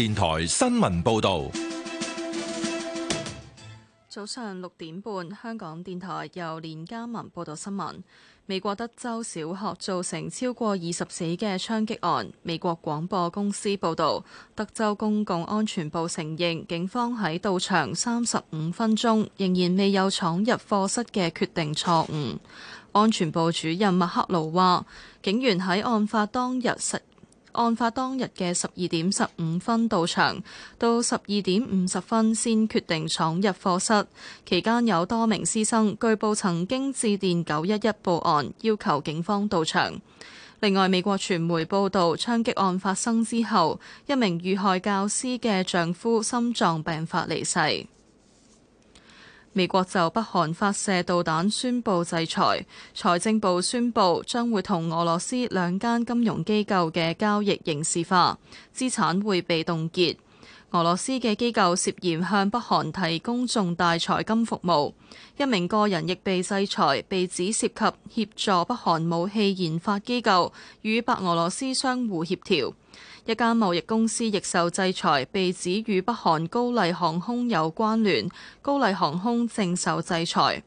電台新聞報道：早上六點半，香港電台由連家文報道新聞。美國德州小學造成超過二十死嘅槍擊案。美國廣播公司報道，德州公共安全部承認警方喺到場三十五分鐘，仍然未有闖入課室嘅決定錯誤。安全部主任麥克盧話，警員喺案發當日實。案發當日嘅十二點十五分到場，到十二點五十分先決定闖入課室。期間有多名師生據報曾經致電九一一報案，要求警方到場。另外，美國傳媒報道，槍擊案發生之後，一名遇害教師嘅丈夫心臟病發離世。美國就北韓發射導彈宣布制裁，財政部宣布將會同俄羅斯兩間金融機構嘅交易刑事化，資產會被凍結。俄羅斯嘅機構涉嫌向北韓提供重大財金服務，一名個人亦被制裁，被指涉及協助北韓武器研發機構與白俄羅斯相互協調。一家貿易公司亦受制裁，被指與北韓高麗航空有關聯。高麗航空正受制裁。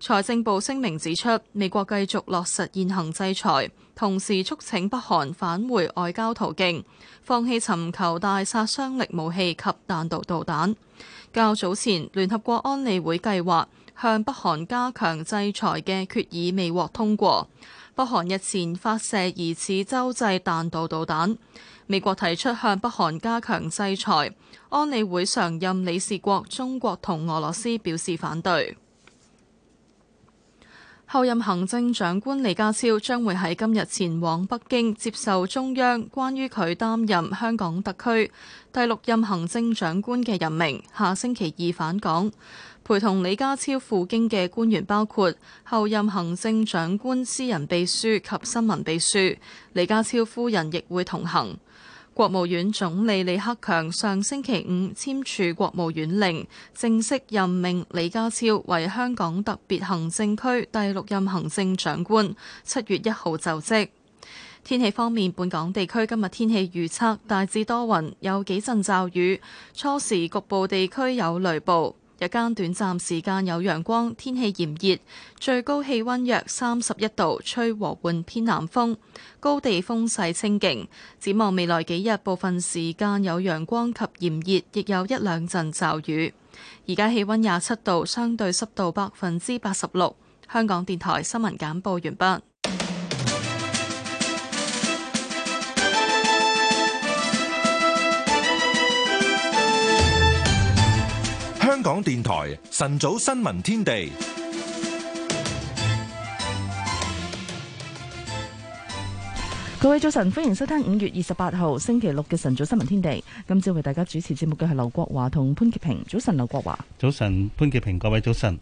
財政部聲明指出，美國繼續落實現行制裁，同時促請北韓返回外交途徑，放棄尋求大殺傷力武器及彈道導彈。較早前，聯合國安理會計劃向北韓加強制裁嘅決議未獲通過。北韓日前發射疑似洲際彈道導彈。美國提出向北韓加強制裁，安理會常任理事國中國同俄羅斯表示反對。候任行政長官李家超將會喺今日前往北京接受中央關於佢擔任香港特區第六任行政長官嘅任命，下星期二返港。陪同李家超赴京嘅官員包括候任行政長官私人秘書及新聞秘書。李家超夫人亦會同行。國務院總理李克強上星期五簽署國務院令，正式任命李家超為香港特別行政區第六任行政長官，七月一號就職。天氣方面，本港地區今日天氣預測大致多雲，有幾陣驟雨，初時局部地區有雷暴。日間短暫時間有陽光，天氣炎熱，最高氣溫約三十一度，吹和緩偏南風，高地風勢清勁。展望未來幾日，部分時間有陽光及炎熱，亦有一兩陣驟雨。而家氣溫廿七度，相對濕度百分之八十六。香港電台新聞簡報完畢。香港電台晨早新聞天地，各位早晨，歡迎收聽五月二十八號星期六嘅晨早新聞天地。今朝為大家主持節目嘅係劉國華同潘潔平。早晨，劉國華。早晨，潘潔平。各位早晨。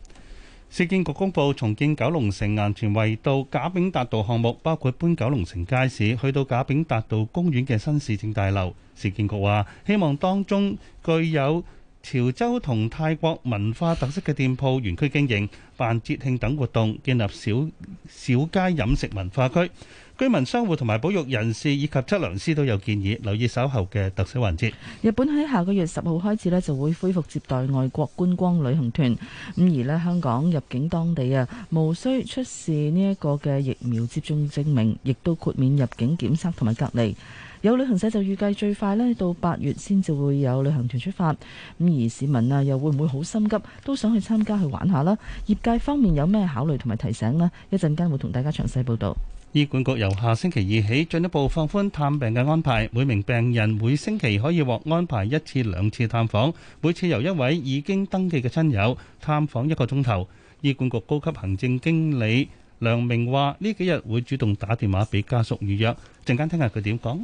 市建局公布，重建九龍城衙前圍到賈炳達道項目，包括搬九龍城街市去到賈炳達道公園嘅新市政大樓。市建局話，希望當中具有潮州同泰國文化特色嘅店鋪、園區經營、辦節慶等活動，建立小小街飲食文化區。居民商戶同埋保育人士以及測量師都有建議，留意稍後嘅特色環節。日本喺下個月十號開始呢就會恢復接待外國觀光旅行團，咁而呢香港入境當地啊，無需出示呢一個嘅疫苗接種證明，亦都豁免入境檢測同埋隔離。有旅行社就預計最快呢到八月先至會有旅行團出發，咁而市民啊又會唔會好心急都想去參加去玩下啦？業界方面有咩考慮同埋提醒呢？一陣間會同大家詳細報道。醫管局由下星期二起進一步放寬探病嘅安排，每名病人每星期可以獲安排一次兩次探訪，每次由一位已經登記嘅親友探訪一個鐘頭。醫管局高級行政經理梁明話呢幾日會主動打電話俾家屬預約，陣間聽下佢點講。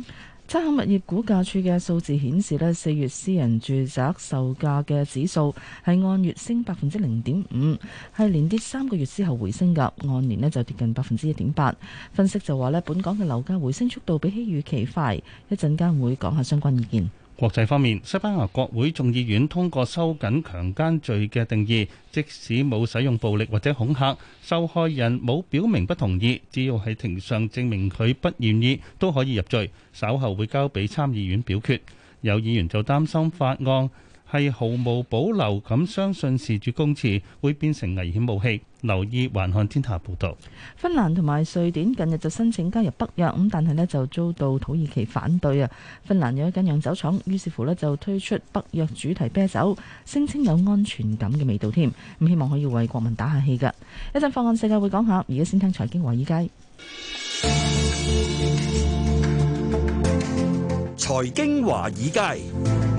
參考物業估價署嘅數字顯示呢四月私人住宅售價嘅指數係按月升百分之零點五，係連跌三個月之後回升噶，按年呢就跌近百分之一點八。分析就話呢本港嘅樓價回升速度比起預期快，一陣間會講下相關意見。國際方面，西班牙國會眾議院通過收緊強奸罪嘅定義，即使冇使用暴力或者恐嚇，受害人冇表明不同意，只要喺庭上證明佢不願意，都可以入罪。稍後會交俾參議院表決。有議員就擔心法案。係毫無保留咁相信事主公辭會變成危險武器，留意環漢天下報道。芬蘭同埋瑞典近日就申請加入北約，咁但係呢就遭到土耳其反對啊。芬蘭有一間釀酒廠，於是乎呢就推出北約主題啤酒，聲稱有安全感嘅味道添，咁希望可以為國民打氣下氣噶。一陣放眼世界會講下，而家先聽財經華爾街。財經華爾街。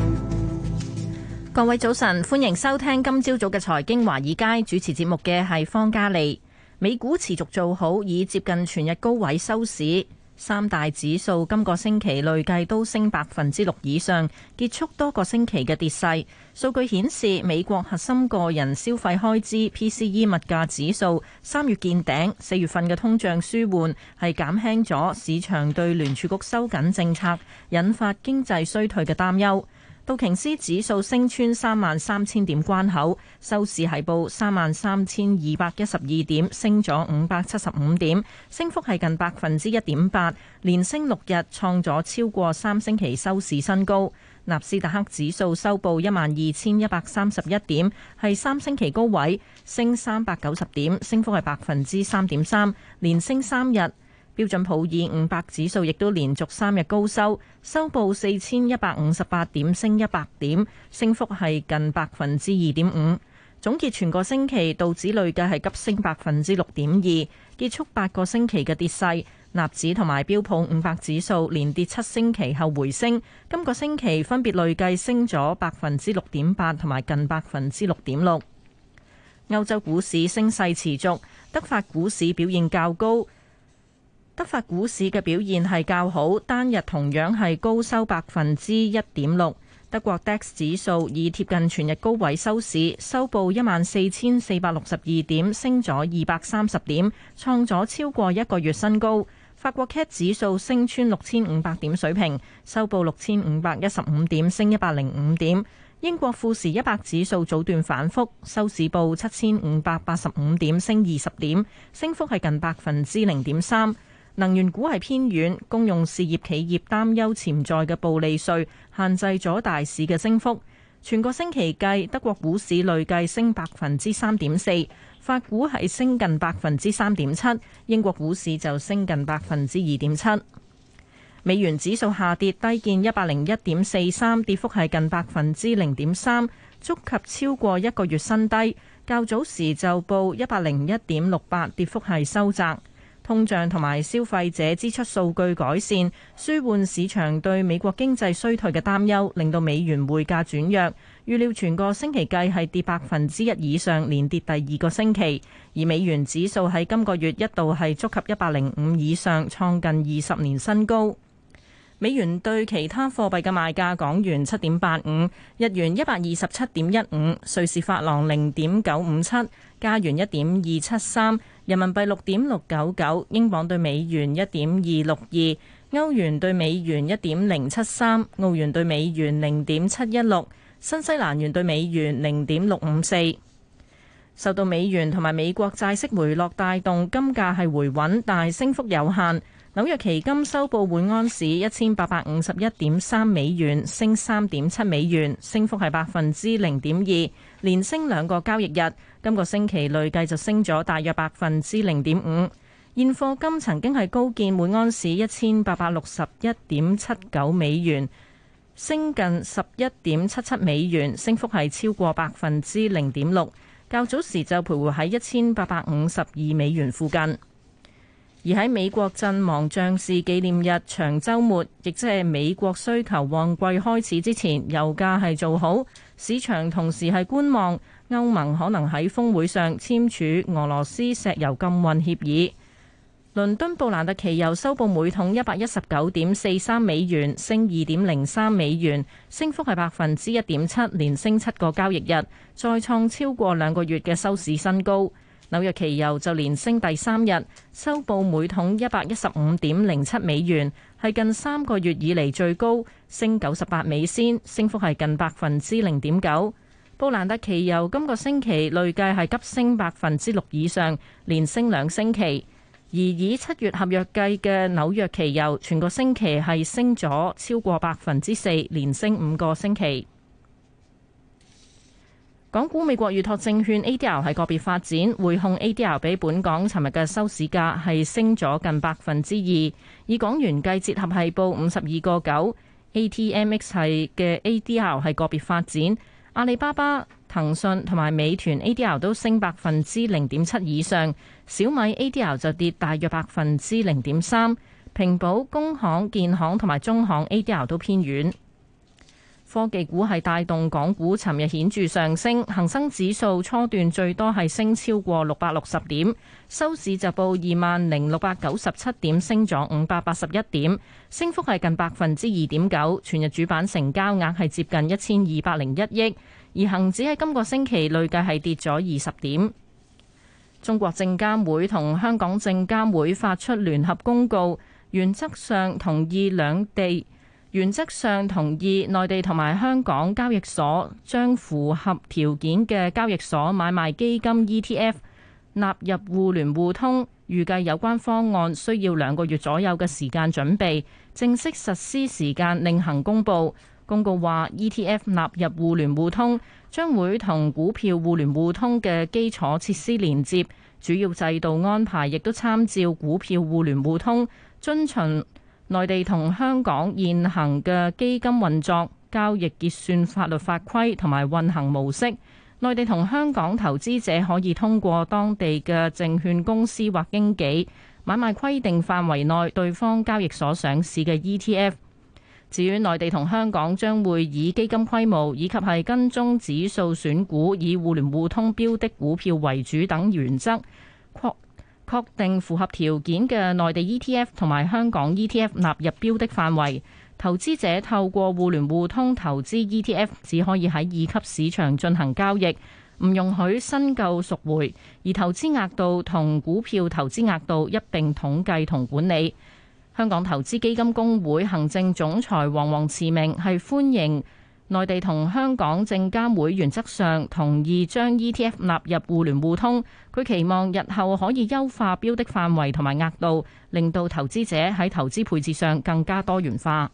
各位早晨，歡迎收聽今朝早嘅財經華爾街，主持節目嘅係方嘉莉。美股持續做好，已接近全日高位收市。三大指數今個星期累計都升百分之六以上，結束多個星期嘅跌勢。數據顯示，美國核心個人消費開支 PCE 物價指數三月見頂，四月份嘅通脹舒緩係減輕咗市場對聯儲局收緊政策引發經濟衰退嘅擔憂。道瓊斯指數升穿三萬三千點關口，收市係報三萬三千二百一十二點，升咗五百七十五點，升幅係近百分之一點八，連升六日，創咗超過三星期收市新高。納斯達克指數收報一萬二千一百三十一點，係三星期高位，升三百九十點，升幅係百分之三點三，連升三日。標準普爾五百指數亦都連續三日高收，收報四千一百五十八點，升一百點，升幅係近百分之二點五。總結全個星期道指累計係急升百分之六點二，結束八個星期嘅跌勢。納指同埋標普五百指數連跌七星期後回升，今個星期分別累計升咗百分之六點八同埋近百分之六點六。歐洲股市升勢持續，德法股市表現較高。德法股市嘅表現係較好，單日同樣係高收百分之一點六。德國 DAX 指數已貼近全日高位收市，收報一萬四千四百六十二點，升咗二百三十點，創咗超過一個月新高。法國 CAC 指數升穿六千五百點水平，收報六千五百一十五點，升一百零五點。英國富時一百指數早段反覆，收市報七千五百八十五點，升二十點，升幅係近百分之零點三。能源股係偏軟，公用事業企業擔憂潛在嘅暴利稅限制咗大市嘅升幅。全個星期計，德國股市累計升百分之三點四，法股係升近百分之三點七，英國股市就升近百分之二點七。美元指數下跌低見一百零一點四三，跌幅係近百分之零點三，觸及超過一個月新低。較早時就報一百零一點六八，跌幅係收窄。通脹同埋消費者支出數據改善，舒緩市場對美國經濟衰退嘅擔憂，令到美元匯價轉弱。預料全個星期計係跌百分之一以上，連跌第二個星期。而美元指數喺今個月一度係觸及一百零五以上，創近二十年新高。美元兌其他貨幣嘅賣價：港元七點八五，日元一百二十七點一五，瑞士法郎零點九五七，加元一點二七三，人民幣六點六九九，英鎊對美元一點二六二，歐元對美元一點零七三，澳元對美元零點七一六，新西蘭元對美元零點六五四。受到美元同埋美國債息回落帶動，金價係回穩，但係升幅有限。紐約期金收報每安士一千八百五十一點三美元，升三點七美元，升幅係百分之零點二，連升兩個交易日。今個星期累計就升咗大約百分之零點五。現貨金曾經係高見每安士一千八百六十一點七九美元，升近十一點七七美元，升幅係超過百分之零點六。較早時就徘徊喺一千八百五十二美元附近。而喺美國陣亡將士紀念日長週末，亦即係美國需求旺季開始之前，油價係做好，市場同時係觀望歐盟可能喺峰會上簽署俄羅斯石油禁運協議。倫敦布蘭特期油收報每桶一百一十九點四三美元，升二點零三美元，升幅係百分之一點七，連升七個交易日，再創超過兩個月嘅收市新高。紐約期油就連升第三日，收報每桶一百一十五點零七美元，係近三個月以嚟最高，升九十八美仙，升幅係近百分之零點九。布蘭特期油今個星期累計係急升百分之六以上，連升兩星期。而以七月合約計嘅紐約期油，全個星期係升咗超過百分之四，連升五個星期。港股美國預託證券 ADR 係個別發展，匯控 ADR 比本港尋日嘅收市價係升咗近百分之二，以港元計折合係報五十二個九。ATMX 係嘅 ADR 係個別發展，阿里巴巴、騰訊同埋美團 ADR 都升百分之零點七以上，小米 ADR 就跌大約百分之零點三，平保、工行、建行同埋中行 ADR 都偏軟。科技股係帶動港股，尋日顯著上升，恒生指數初段最多係升超過六百六十點，收市就報二萬零六百九十七點，升咗五百八十一點，升幅係近百分之二點九。全日主板成交額係接近一千二百零一億，而恒指喺今個星期累計係跌咗二十點。中國證監會同香港證監會發出聯合公告，原則上同意兩地。原則上同意，內地同埋香港交易所將符合條件嘅交易所買賣基金 ETF 納入互聯互通。預計有關方案需要兩個月左右嘅時間準備，正式實施時間另行公佈。公告話，ETF 納入互聯互通將會同股票互聯互通嘅基礎設施連接，主要制度安排亦都參照股票互聯互通，遵循，內地同香港現行嘅基金運作、交易結算、法律法規同埋運行模式，內地同香港投資者可以通過當地嘅證券公司或經紀買賣規定範圍內對方交易所上市嘅 ETF。至於內地同香港將會以基金規模以及係跟蹤指數選股、以互聯互通標的股票為主等原則擴。確定符合條件嘅內地 ETF 同埋香港 ETF 納入標的範圍，投資者透過互聯互通投資 ETF，只可以喺二級市場進行交易，唔容許申購贖回，而投資額度同股票投資額度一並統計同管理。香港投資基金公會行政總裁黃王慈明係歡迎。內地同香港證監會原則上同意將 ETF 納入互聯互通，佢期望日後可以優化標的範圍同埋額度，令到投資者喺投資配置上更加多元化。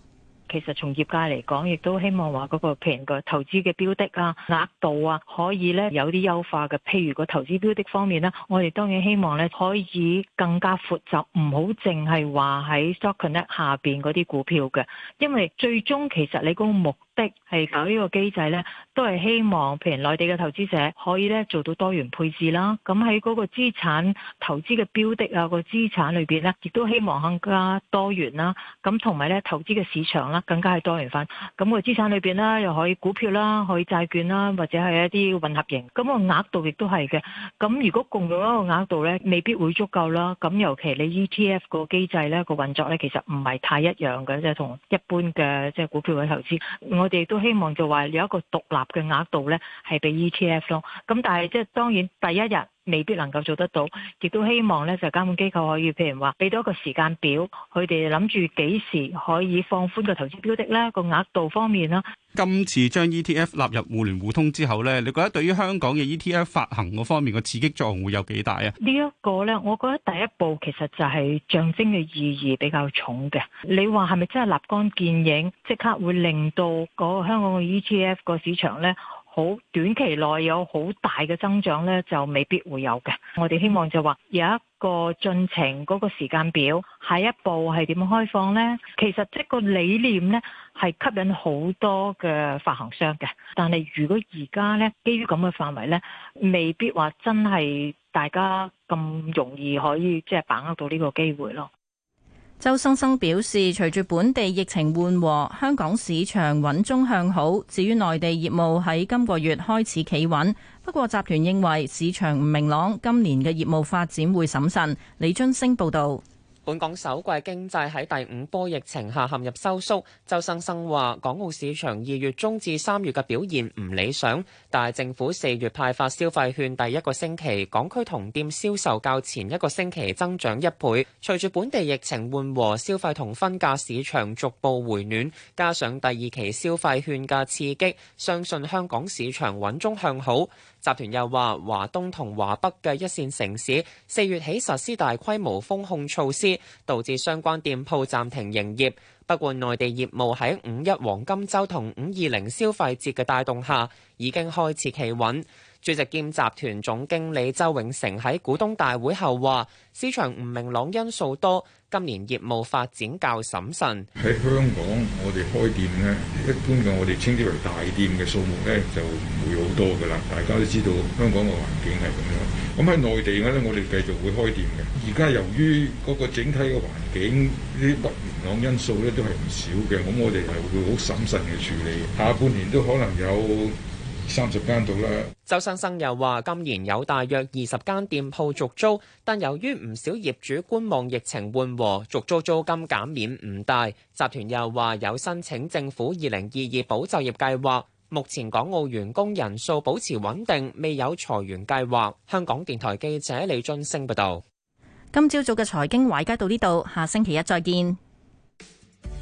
其實從業界嚟講，亦都希望話、那、嗰個平個投資嘅標的啊、額度啊，可以咧有啲優化嘅。譬如個投資標的方面咧，我哋當然希望咧可以更加闊雜，唔好淨係話喺 Stock Connect 下邊嗰啲股票嘅，因為最終其實你嗰個目的係搞呢個機製呢，都係希望，譬如內地嘅投資者可以呢做到多元配置啦。咁喺嗰個資產投資嘅標的啊，個資產裏邊呢，亦都希望更加多元啦。咁同埋呢投資嘅市場啦，更加係多元化。咁個資產裏邊啦，又可以股票啦，可以債券啦，或者係一啲混合型。咁個額度亦都係嘅。咁如果共用一個額度呢，未必會足夠啦。咁尤其你 ETF 個機制呢，個運作呢，其實唔係太一樣嘅，即係同一般嘅即係股票嘅投資。我哋都希望就話有一個獨立嘅額度咧，係俾 ETF 咯。咁但係即係當然第一日。未必能夠做得到，亦都希望咧就監管機構可以，譬如話俾到一個時間表，佢哋諗住幾時可以放寬個投資標的咧，個額度方面啦。今次將 E T F 納入互聯互通之後咧，你覺得對於香港嘅 E T F 發行嗰方面個刺激作用會有幾大啊？呢一個咧，我覺得第一步其實就係象徵嘅意義比較重嘅。你話係咪真係立竿見影，即刻會令到嗰個香港嘅 E T F 個市場咧？好短期內有好大嘅增長呢，就未必會有嘅。我哋希望就話有一個進程，嗰個時間表下一步係點樣開放呢？其實即個理念呢，係吸引好多嘅發行商嘅，但係如果而家呢，基於咁嘅範圍呢，未必話真係大家咁容易可以即係把握到呢個機會咯。周生生表示，隨住本地疫情緩和，香港市場穩中向好。至於內地業務喺今個月開始企穩，不過集團認為市場唔明朗，今年嘅業務發展會審慎。李津升報道。本港首季經濟喺第五波疫情下陷入收縮，周生生話：港澳市場二月中至三月嘅表現唔理想，但係政府四月派發消費券第一個星期，港區同店銷售較前一個星期增長一倍。隨住本地疫情緩和，消費同分價市場逐步回暖，加上第二期消費券嘅刺激，相信香港市場穩中向好。集團又話，華東同華北嘅一線城市四月起實施大規模封控措施，導致相關店鋪暫停營業。不過，內地業務喺五一黃金週同五二零消費節嘅帶動下，已經開始企穩。主席兼集團總經理周永成喺股東大會後話：市場唔明朗因素多，今年業務發展較審慎。喺香港，我哋開店咧，一般嘅我哋稱之為大店嘅數目咧就唔會好多噶啦。大家都知道香港嘅環境係咁樣，咁喺內地嘅咧，我哋繼續會開店嘅。而家由於嗰個整體嘅環境呢，啲不明朗因素咧都係唔少嘅，咁我哋係會好審慎嘅處理。下半年都可能有。三十間到啦。周生生又話，今年有大約二十間店鋪續租，但由於唔少業主觀望疫情緩和，續租租金減免唔大。集團又話有申請政府二零二二保就業計劃，目前港澳員工人數保持穩定，未有裁員計劃。香港電台記者李俊升報道。今朝早嘅財經壞街到呢度，下星期一再見。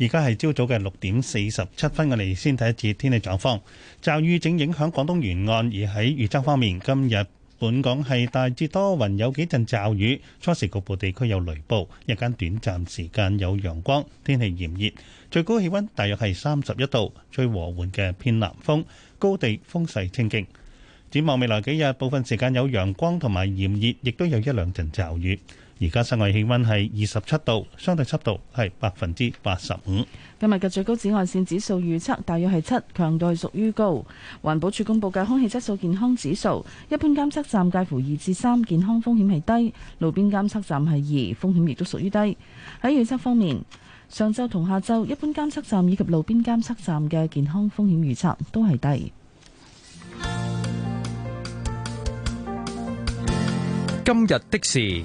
而家係朝早嘅六點四十七分，我哋先睇一節天氣狀況。驟雨正影響廣東沿岸，而喺預測方面，今日本港係大致多雲，有幾陣驟雨，初時局部地區有雷暴，日間短暫時間有陽光，天氣炎熱，最高氣温大約係三十一度，吹和緩嘅偏南風，高地風勢清勁。展望未來幾日，部分時間有陽光同埋炎熱，亦都有一兩陣驟雨。而家室外氣温係二十七度，相對濕度係百分之八十五。今日嘅最高紫外線指數預測大約係七，強度係屬於高。環保署公布嘅空氣質素健康指數，一般監測站介乎二至三，健康風險係低；路邊監測站係二，風險亦都屬於低。喺預測方面，上晝同下晝一般監測站以及路邊監測站嘅健康風險預測都係低。今日的事。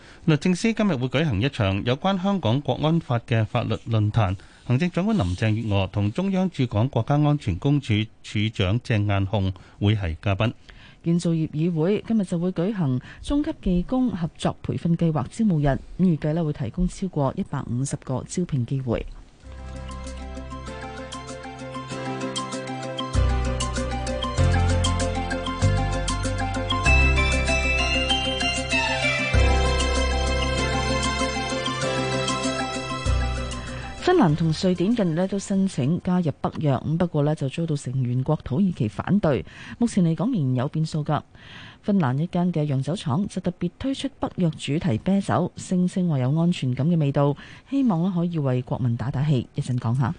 律政司今日會舉行一場有關香港國安法嘅法律論壇，行政長官林鄭月娥同中央駐港國家安全公署署,署長鄭雁雄會係嘉賓。建造業議會今日就會舉行中級技工合作培訓計劃招募日，預計呢會提供超過一百五十個招聘機會。芬蘭同瑞典近日咧都申請加入北約，咁不過咧就遭到成員國土耳其反對。目前嚟講仍然有變數噶。芬蘭一間嘅洋酒廠就特別推出北約主題啤酒，聲稱話有安全感嘅味道，希望可以為國民打打氣。講一陣講下。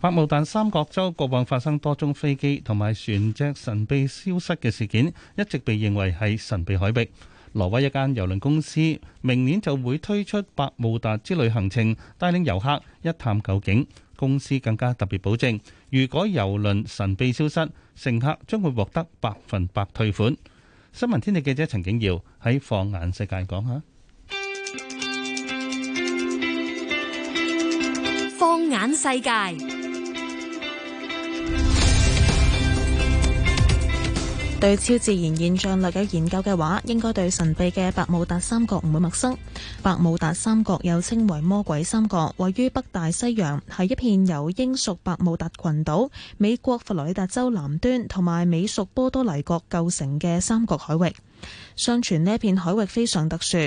百慕達三角洲過往發生多宗飛機同埋船隻神秘消失嘅事件，一直被認為係神秘海域。挪威一間郵輪公司明年就會推出百慕達之旅行程，帶領遊客一探究竟。公司更加特別保證，如果郵輪神秘消失，乘客將會獲得百分百退款。新聞天地記者陳景堯喺《放眼世界》講下。放眼世界。對超自然現象略有研究嘅話，應該對神秘嘅百慕達三角唔會陌生。百慕達三角又稱為魔鬼三角，位於北大西洋，係一片由英屬百慕達群島、美國佛羅里達州南端同埋美屬波多黎各構成嘅三角海域。相傳呢片海域非常特殊，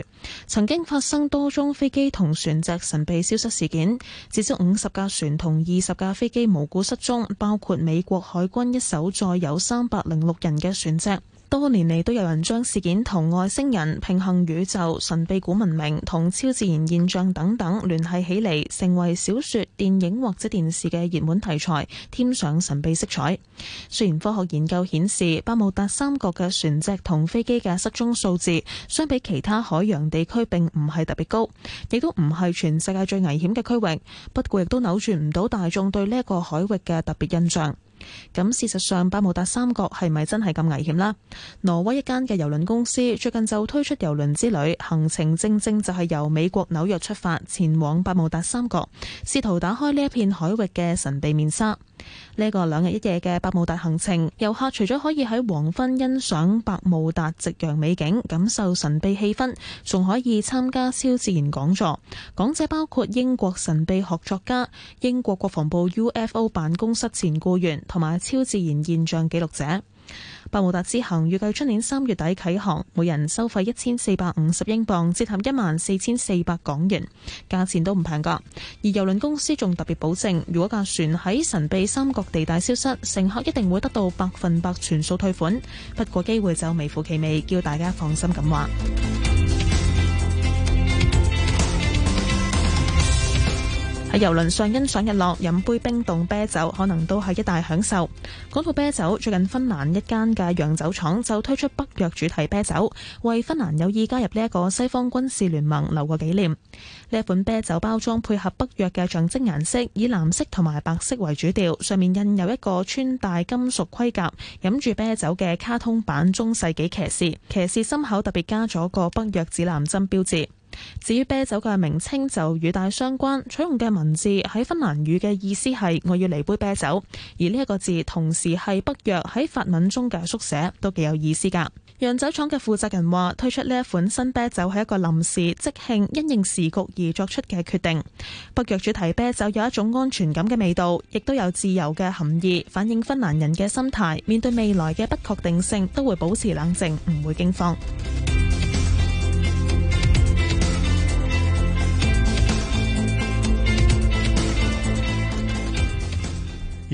曾經發生多宗飛機同船隻神秘消失事件，至少五十架船同二十架飛機無故失蹤，包括美國海軍一艘載有三百零六人嘅船隻。多年嚟都有人將事件同外星人、平行宇宙、神秘古文明同超自然現象等等聯繫起嚟，成為小說、電影或者電視嘅熱門題材，添上神秘色彩。雖然科學研究顯示百慕達三角嘅船隻同飛機嘅失蹤數字，相比其他海洋地區並唔係特別高，亦都唔係全世界最危險嘅區域。不過亦都扭轉唔到大眾對呢一個海域嘅特別印象。咁事實上，百慕達三角係咪真係咁危險啦？挪威一間嘅郵輪公司最近就推出郵輪之旅，行程正正就係由美國紐約出發，前往百慕達三角，試圖打開呢一片海域嘅神秘面紗。呢個兩日一夜嘅百慕達行程，遊客除咗可以喺黃昏欣賞百慕達夕陽美景，感受神秘氣氛，仲可以參加超自然講座。講者包括英國神秘學作家、英國國防部 UFO 辦公室前僱員同埋超自然現象記錄者。百慕達之行預計出年三月底啓航，每人收費一千四百五十英鎊，折合一萬四千四百港元，價錢都唔平噶。而郵輪公司仲特別保證，如果架船喺神秘三角地帶消失，乘客一定會得到百分百全數退款。不過機會就微乎其微，叫大家放心咁話。喺遊輪上欣賞日落、飲杯冰凍啤酒，可能都係一大享受。講到啤酒，最近芬蘭一間嘅洋酒廠就推出北約主題啤酒，為芬蘭有意加入呢一個西方軍事聯盟留個紀念。呢一款啤酒包裝配合北約嘅象徵顏色，以藍色同埋白色為主調，上面印有一個穿戴金屬盔甲、飲住啤酒嘅卡通版中世紀騎士，騎士心口特別加咗個北約指南針標誌。至於啤酒嘅名稱就與大相關，採用嘅文字喺芬蘭語嘅意思係我要嚟杯啤酒，而呢一個字同時係北約喺法文中嘅縮寫，都幾有意思噶。洋酒廠嘅負責人話，推出呢一款新啤酒係一個臨時即興因應時局而作出嘅決定。北約主題啤酒有一種安全感嘅味道，亦都有自由嘅含義，反映芬蘭人嘅心態，面對未來嘅不確定性都會保持冷靜，唔會驚慌。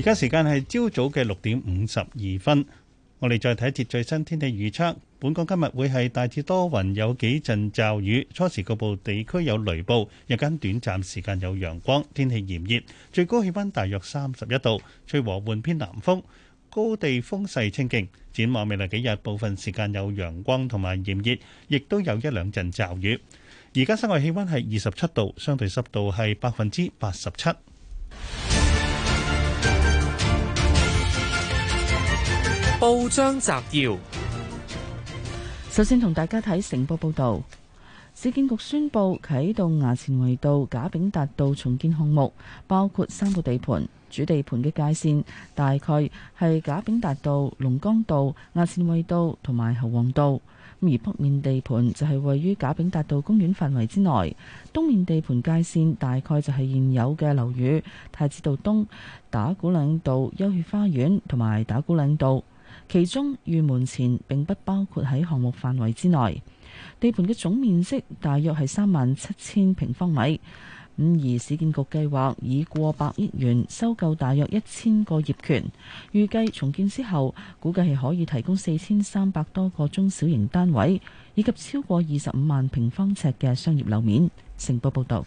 而家時間係朝早嘅六點五十二分，我哋再睇一節最新天氣預測。本港今日會係大致多雲，有幾陣驟雨，初時局部地區有雷暴，日間短暫時間有陽光，天氣炎熱，最高氣温大約三十一度，吹和緩偏南風，高地風勢清勁。展望未來幾日，部分時間有陽光同埋炎熱，亦都有一兩陣驟雨。而家室外氣温係二十七度，相對濕度係百分之八十七。報章摘要，首先同大家睇成報報道，市建局宣布啟動衙前圍道、賈炳達道重建項目，包括三個地盤。主地盤嘅界線大概係賈炳達道、龍崗道、衙前圍道同埋侯王道。而北面地盤就係、是、位於賈炳達道公園範圍之內，東面地盤界線大概就係現有嘅樓宇太子道東、打鼓嶺道、優悅花園同埋打鼓嶺道。其中御門前並不包括喺項目範圍之內，地盤嘅總面積大約係三萬七千平方米。五二市建局計劃以過百億元收購大約一千個業權，預計重建之後，估計係可以提供四千三百多個中小型單位，以及超過二十五萬平方尺嘅商業樓面。成報報道。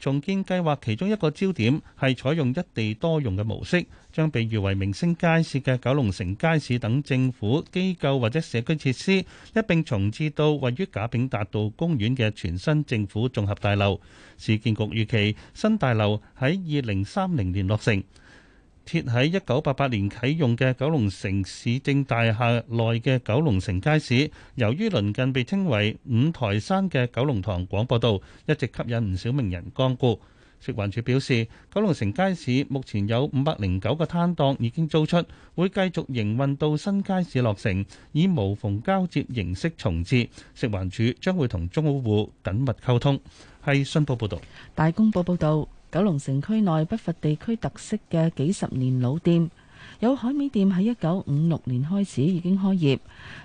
重建計劃其中一個焦點係採用一地多用嘅模式，將被譽為明星街市嘅九龍城街市等政府、機構或者社區設施，一並重置到位於賈炳達道公園嘅全新政府綜合大樓。市建局預期新大樓喺二零三零年落成。設喺一九八八年啟用嘅九龍城市政大廈內嘅九龍城街市，由於鄰近被稱為五台山嘅九龍塘廣播道，一直吸引唔少名人光顧。食環署表示，九龍城街市目前有五百零九個攤檔已經租出，會繼續營運到新街市落成，以無縫交接形式重置。食環署將會同租戶緊密溝通。係信報報道。大公報報導。九龍城區內不乏地區特色嘅幾十年老店，有海味店喺一九五六年開始已經開業，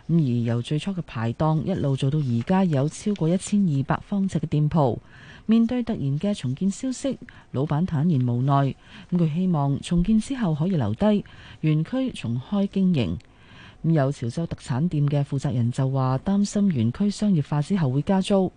咁而由最初嘅排檔一路做到而家有超過一千二百方尺嘅店鋪。面對突然嘅重建消息，老闆坦言無奈，咁佢希望重建之後可以留低，原區重開經營。咁有潮州特產店嘅負責人就話，擔心原區商業化之後會加租。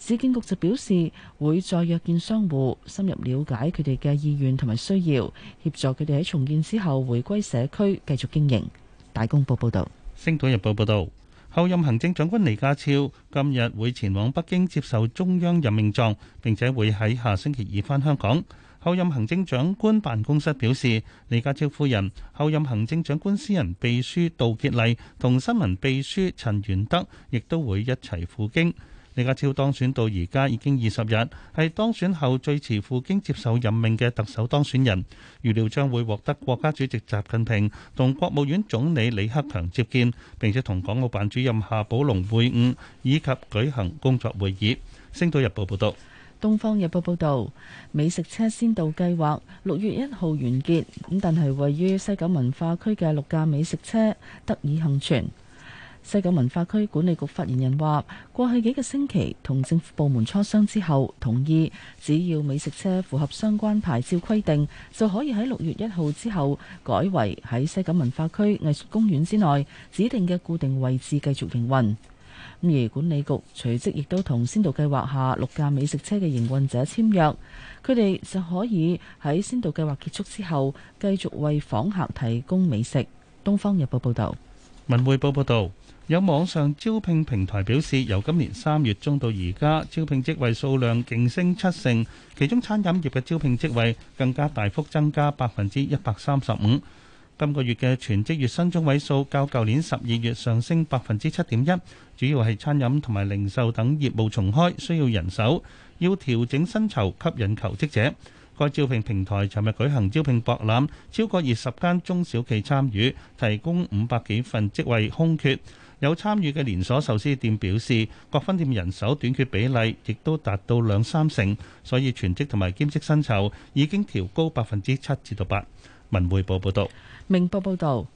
市建局就表示，會再約見商戶，深入了解佢哋嘅意願同埋需要，協助佢哋喺重建之後回歸社區繼續經營。大公報報道，星島日報報道，候任行政長官李家超今日會前往北京接受中央任命狀，並且會喺下星期二返香港。候任行政長官辦公室表示，李家超夫人、候任行政長官私人秘書杜杰麗同新聞秘書陳元德亦都會一齊赴京。李家超當選到而家已經二十日，係當選後最遲赴京接受任命嘅特首當選人，預料將會獲得國家主席習近平同國務院總理李克強接見，並且同港澳辦主任夏寶龍會晤以及舉行工作會議。星島日報報道，東方日報報道，美食車先導計劃六月一號完結，咁但係位於西九文化區嘅六架美食車得以幸存。西九文化區管理局發言人話：過去幾個星期同政府部門磋商之後，同意只要美食車符合相關牌照規定，就可以喺六月一號之後，改為喺西九文化區藝術公園之內指定嘅固定位置繼續營運。而管理局隨即亦都同先導計劃下六架美食車嘅營運者簽約，佢哋就可以喺先導計劃結束之後，繼續為訪客提供美食。《東方日報》報道。《文匯報》報道。有網上招聘平台表示，由今年三月中到而家，招聘職位數量勁升七成，其中餐飲業嘅招聘職位更加大幅增加百分之一百三十五。今個月嘅全職月薪中位數較舊年十二月上升百分之七點一，主要係餐飲同埋零售等業務重開，需要人手，要調整薪酬吸引求職者。該招聘平台尋日舉行招聘博覽，超過二十間中小企參與，提供五百幾份職位空缺。有參與嘅連鎖壽司店表示，各分店人手短缺比例亦都達到兩三成，所以全職同埋兼職薪酬已經調高百分之七至到八。文匯報報道。明報報道。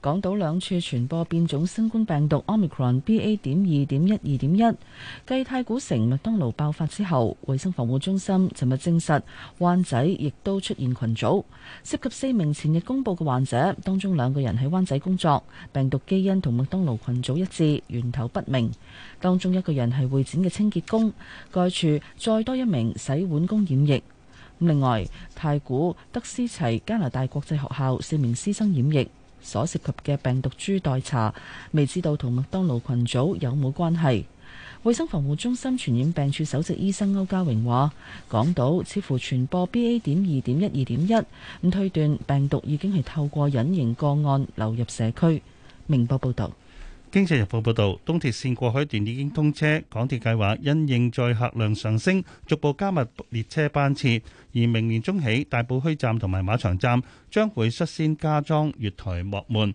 港島兩處傳播變種新冠病毒 Omicron B A. 點二點一二點一，繼太古城麥當勞爆發之後，衛生防護中心尋日證實灣仔亦都出現群組，涉及四名前日公佈嘅患者，當中兩個人喺灣仔工作，病毒基因同麥當勞群組一致，源頭不明。當中一個人係會展嘅清潔工，該處再多一名洗碗工染疫。另外，太古德思齊加拿大國際學校四名師生染疫。所涉及嘅病毒株待查，未知道同麥當勞群組有冇關係，衛生防護中心傳染病處首席醫生歐家榮話，港島似乎傳播 BA 點二點一二點一，咁推斷病毒已經係透過隱形個案流入社區。明報報道。《經濟日報》報導，東鐵線過海段已經通車，港鐵計劃因應載客量上升，逐步加密列車班次，而明年中起，大埔墟站同埋馬場站將會率先加裝月台幕門。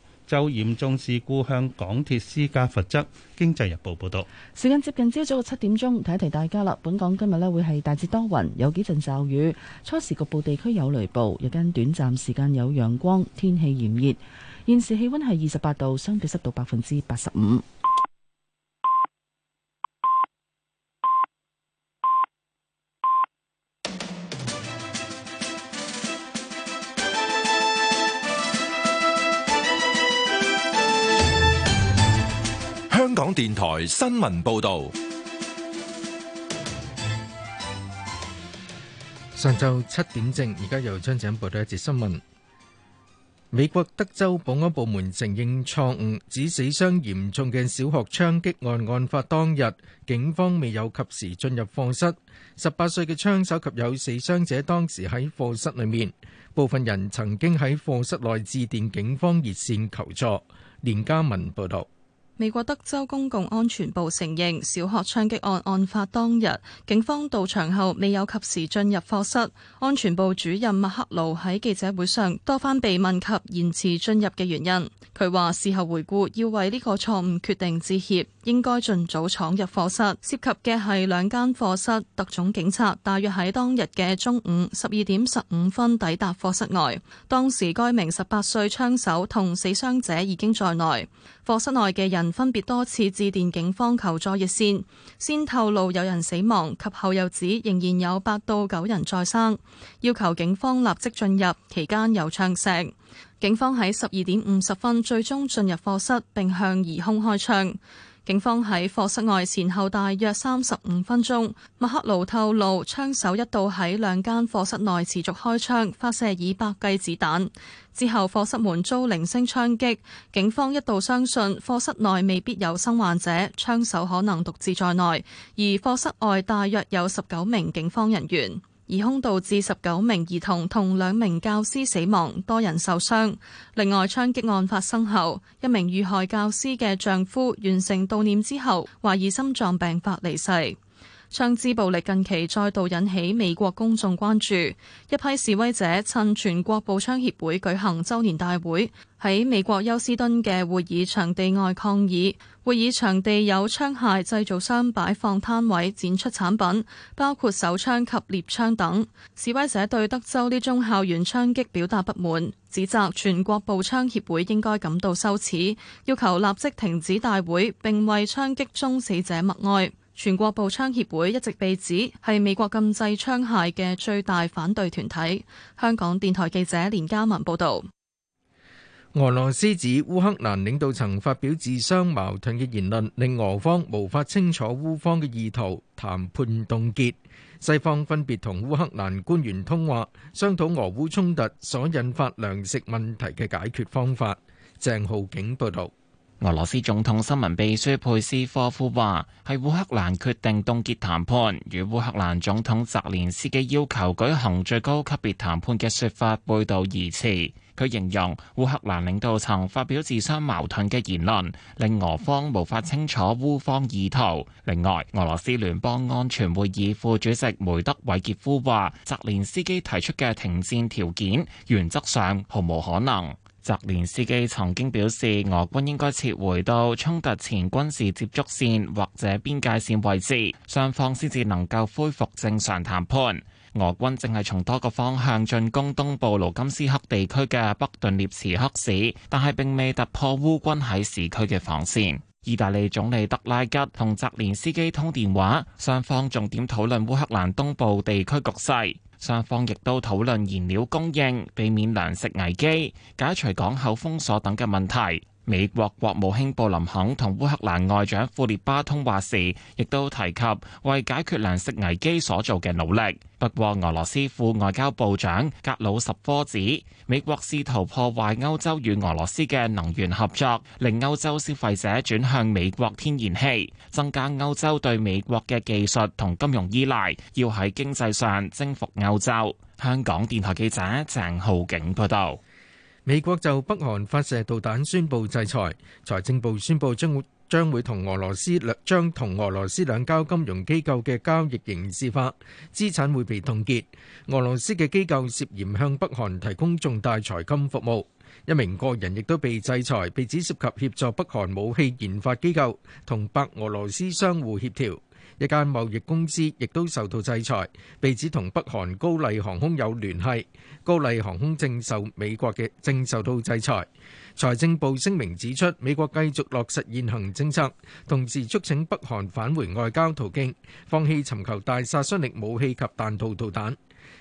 周嚴重事故向港鐵施加罰則。經濟日報報導，時間接近朝早七點鐘，提一提大家啦。本港今日咧會係大致多雲，有幾陣驟雨，初時局部地區有雷暴，日間短暫時間有陽光，天氣炎熱。現時氣溫係二十八度，相對濕度百分之八十五。香港電台新聞報道，上晝七點正，而家由張展報道一節新聞。美國德州保安部門承認錯誤，指死傷嚴重嘅小學槍擊案案發當日，警方未有及時進入課室。十八歲嘅槍手及有死傷者當時喺課室裏面，部分人曾經喺課室內致電警方熱線求助。連家文報道。美國德州公共安全部承認小學槍擊案案發當日，警方到場後未有及時進入課室。安全部主任麥克勞喺記者會上多番被問及延遲進入嘅原因，佢話事後回顧要為呢個錯誤決定致歉，應該盡早闖入課室。涉及嘅係兩間課室，特種警察大約喺當日嘅中午十二點十五分抵達課室外，當時該名十八歲槍手同死傷者已經在內。課室內嘅人分別多次致電警方求助熱線，先透露有人死亡，及後又指仍然有八到九人在生，要求警方立即進入。期間有唱石。警方喺十二點五十分最終進入課室，並向疑凶開槍。警方喺課室外前後大約三十五分鐘，麥克勞透露，槍手一度喺兩間課室內持續開槍，發射以百計子彈，之後課室門遭零星槍擊。警方一度相信課室內未必有生患者，槍手可能獨自在內，而課室外大約有十九名警方人員。疑兇導致十九名兒童同兩名教師死亡，多人受傷。另外，槍擊案發生後，一名遇害教師嘅丈夫完成悼念之後，懷疑心臟病發離世。槍支暴力近期再度引起美國公眾關注。一批示威者趁全國步槍協會舉行周年大會，喺美國休斯敦嘅會議場地外抗議。會議場地有槍械製造商擺放攤位展出產品，包括手槍及獵槍等。示威者對德州呢宗校園槍擊表達不滿，指責全國步槍協會應該感到羞恥，要求立即停止大會，並為槍擊中死者默哀。全國步槍協會一直被指係美國禁製槍械嘅最大反對團體。香港電台記者連嘉文報道。俄羅斯指烏克蘭領導層發表自相矛盾嘅言論，令俄方無法清楚烏方嘅意圖，談判凍結。西方分別同烏克蘭官員通話，商討俄烏衝突所引發糧食問題嘅解決方法。鄭浩景報導。俄羅斯總統新聞秘書佩斯科夫話，係烏克蘭決定凍結談判，與烏克蘭總統澤連斯基要求舉行最高級別談判嘅說法背道而馳。佢形容烏克蘭領導層發表自相矛盾嘅言論，令俄方無法清楚烏方意圖，另外，俄羅斯聯邦安全會議副主席梅德韋傑夫話，澤連斯基提出嘅停戰條件原則上毫無可能。澤連斯基曾經表示，俄軍應該撤回到衝突前軍事接觸線或者邊界線位置，雙方先至能夠恢復正常談判。俄軍正係從多個方向進攻東部盧甘斯克地區嘅北頓涅茨克市，但係並未突破烏軍喺市區嘅防線。意大利總理德拉吉同澤連斯基通電話，雙方重點討論烏克蘭東部地區局勢，雙方亦都討論燃料供應、避免糧食危機、解除港口封鎖等嘅問題。美國國務卿布林肯同烏克蘭外長庫列巴通話時，亦都提及為解決糧食危機所做嘅努力。不過，俄羅斯副外交部長格魯什科指，美國試圖破壞歐洲與俄羅斯嘅能源合作，令歐洲消費者轉向美國天然氣，增加歐洲對美國嘅技術同金融依賴，要喺經濟上征服歐洲。香港電台記者鄭浩景報道。美國就北韓發射導彈宣佈制裁，財政部宣佈將將會同俄，俄羅斯兩將同俄羅斯兩家金融機構嘅交易刑事化，資產會被凍結。俄羅斯嘅機構涉嫌向北韓提供重大財金服務，一名個人亦都被制裁，被指涉及協助北韓武器研發機構同白俄羅斯相互協調。一間貿易公司亦都受到制裁，被指同北韓高麗航空有聯繫。高麗航空正受美國嘅正受到制裁。財政部聲明指出，美國繼續落實現行政策，同時促請北韓返回外交途徑，放棄尋求大殺傷力武器及彈道導彈。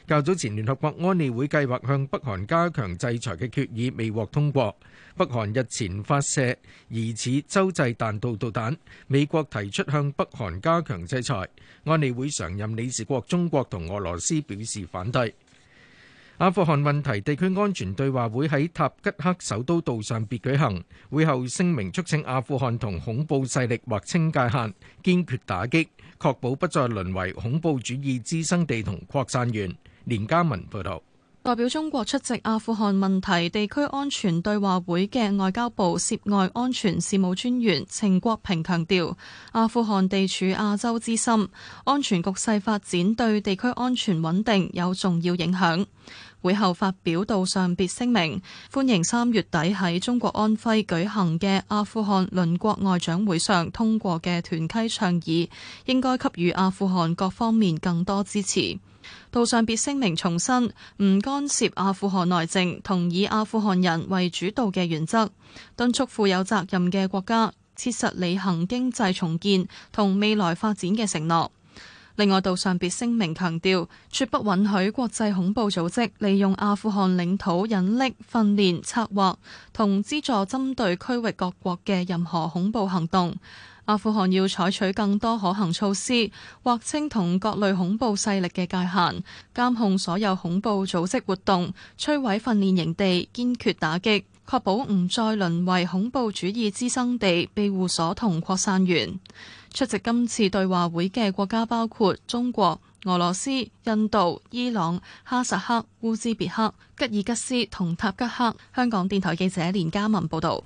較早前，聯合國安理會計劃向北韓加強制裁嘅決議未獲通過。北韓日前發射疑似洲際彈道導彈，美國提出向北韓加強制裁。安理會常任理事國中國同俄羅斯表示反對。阿富汗問題地區安全對話會喺塔吉克首都杜尚別舉行，會後聲明促請阿富汗同恐怖勢力劃清界限，堅決打擊，確保不再淪為恐怖主義滋生地同擴散源。連家文報道。代表中國出席阿富汗問題地區安全對話會嘅外交部涉外安全事務專員程國平強調，阿富汗地處亞洲之心，安全局勢發展對地區安全穩定有重要影響。會後發表杜尚別聲明，歡迎三月底喺中國安徽舉行嘅阿富汗鄰國外長會上通過嘅屯溪倡議，應該給予阿富汗各方面更多支持。杜尚別聲明重申唔干涉阿富汗內政同以阿富汗人為主導嘅原則，敦促負有責任嘅國家切實履行經濟重建同未來發展嘅承諾。另外，杜尚別聲明強調，絕不允許國際恐怖組織利用阿富汗領土隱匿、訓練、策劃同資助針對區域各國嘅任何恐怖行動。阿富汗要採取更多可行措施，劃清同各類恐怖勢力嘅界限，監控所有恐怖組織活動，摧毀訓練營營地，堅決打擊，確保唔再淪為恐怖主義滋生地、庇護所同擴散源。出席今次對話會嘅國家包括中國、俄羅斯、印度、伊朗、哈薩克、烏茲別克、吉爾吉斯同塔吉克。香港電台記者連嘉文報道。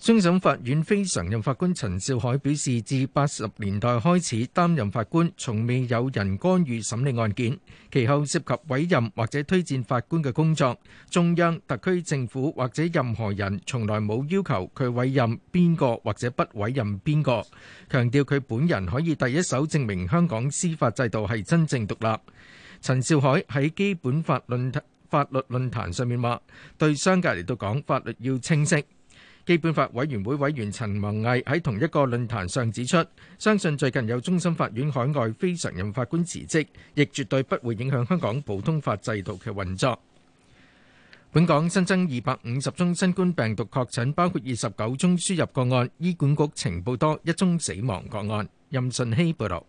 終審法院非常任法官陳兆海表示，自八十年代開始擔任法官，從未有人干預審理案件。其後涉及委任或者推薦法官嘅工作，中央、特區政府或者任何人，從來冇要求佢委任邊個或者不委任邊個。強調佢本人可以第一手證明香港司法制度係真正獨立。陳兆海喺基本法論法律論壇上面話：對商界嚟到講，法律要清晰。基本法委員會委員陳文毅喺同一個論壇上指出，相信最近有中心法院海外非常任法官辭職，亦絕對不會影響香港普通法制度嘅運作。本港新增二百五十宗新冠病毒確診，包括二十九宗輸入個案。醫管局情報多一宗死亡個案。任順希報道，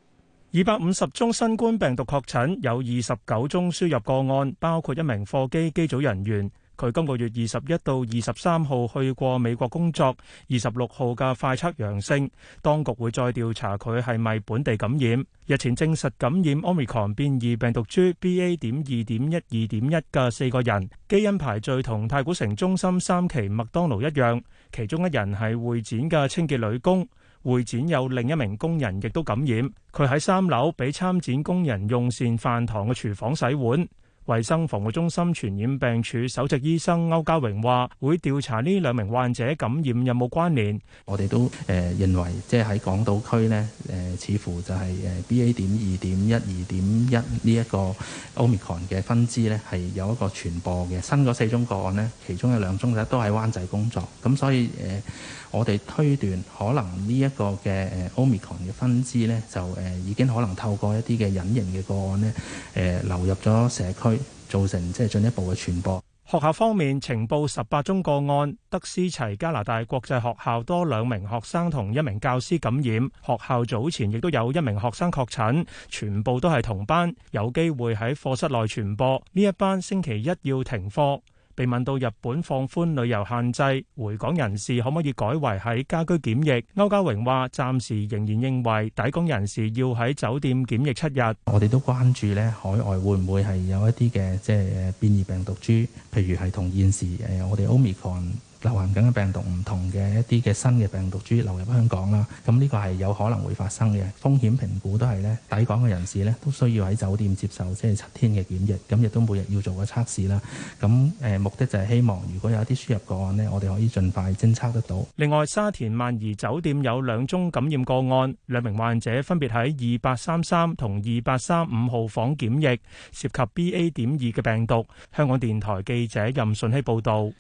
二百五十宗新冠病毒確診，有二十九宗輸入個案，包括一名貨機機組人員。佢今個月二十一到二十三號去過美國工作，二十六號嘅快測陽性，當局會再調查佢係咪本地感染。日前證實感染 Omicron 變異病毒株 BA. 點二點一二點一嘅四個人，基因排序同太古城中心三期麥當勞一樣，其中一人係會展嘅清潔女工，會展有另一名工人亦都感染，佢喺三樓俾參展工人用膳飯堂嘅廚房洗碗。衛生防護中心傳染病處首席醫生歐家榮話，會調查呢兩名患者感染有冇關聯。我哋都誒認為，即係喺港島區呢，誒、呃、似乎就係誒 B A 點二點一二點一呢一個 Omicron 嘅分支呢，係有一個傳播嘅新嗰四宗個案呢，其中有兩宗嘅都喺灣仔工作，咁所以誒。呃我哋推斷，可能呢一個嘅誒 Omicron 嘅分支呢，就誒已經可能透過一啲嘅隱形嘅個案呢誒、呃、流入咗社區，造成即係進一步嘅傳播。學校方面，呈報十八宗個案，德思齊加拿大國際學校多兩名學生同一名教師感染，學校早前亦都有一名學生確診，全部都係同班，有機會喺課室內傳播。呢一班星期一要停課。被問到日本放寬旅遊限制，回港人士可唔可以改為喺家居檢疫？歐家榮話：暫時仍然認為抵港人士要喺酒店檢疫七日。我哋都關注咧海外會唔會係有一啲嘅即係變異病毒株，譬如係同現時誒我哋 Omicron，流行緊嘅病毒唔同嘅一啲嘅新嘅病毒，病毒主要流入香港啦。咁呢個係有可能會發生嘅風險評估都，都係咧抵港嘅人士咧，都需要喺酒店接受即係七天嘅檢疫，咁亦都每日要做個測試啦。咁誒目的就係希望，如果有啲輸入個案呢，我哋可以盡快偵測得到。另外，沙田萬怡酒店有兩宗感染個案，兩名患者分別喺二八三三同二八三五號房檢疫，涉及 B A 點二嘅病毒。香港電台記者任順希報導。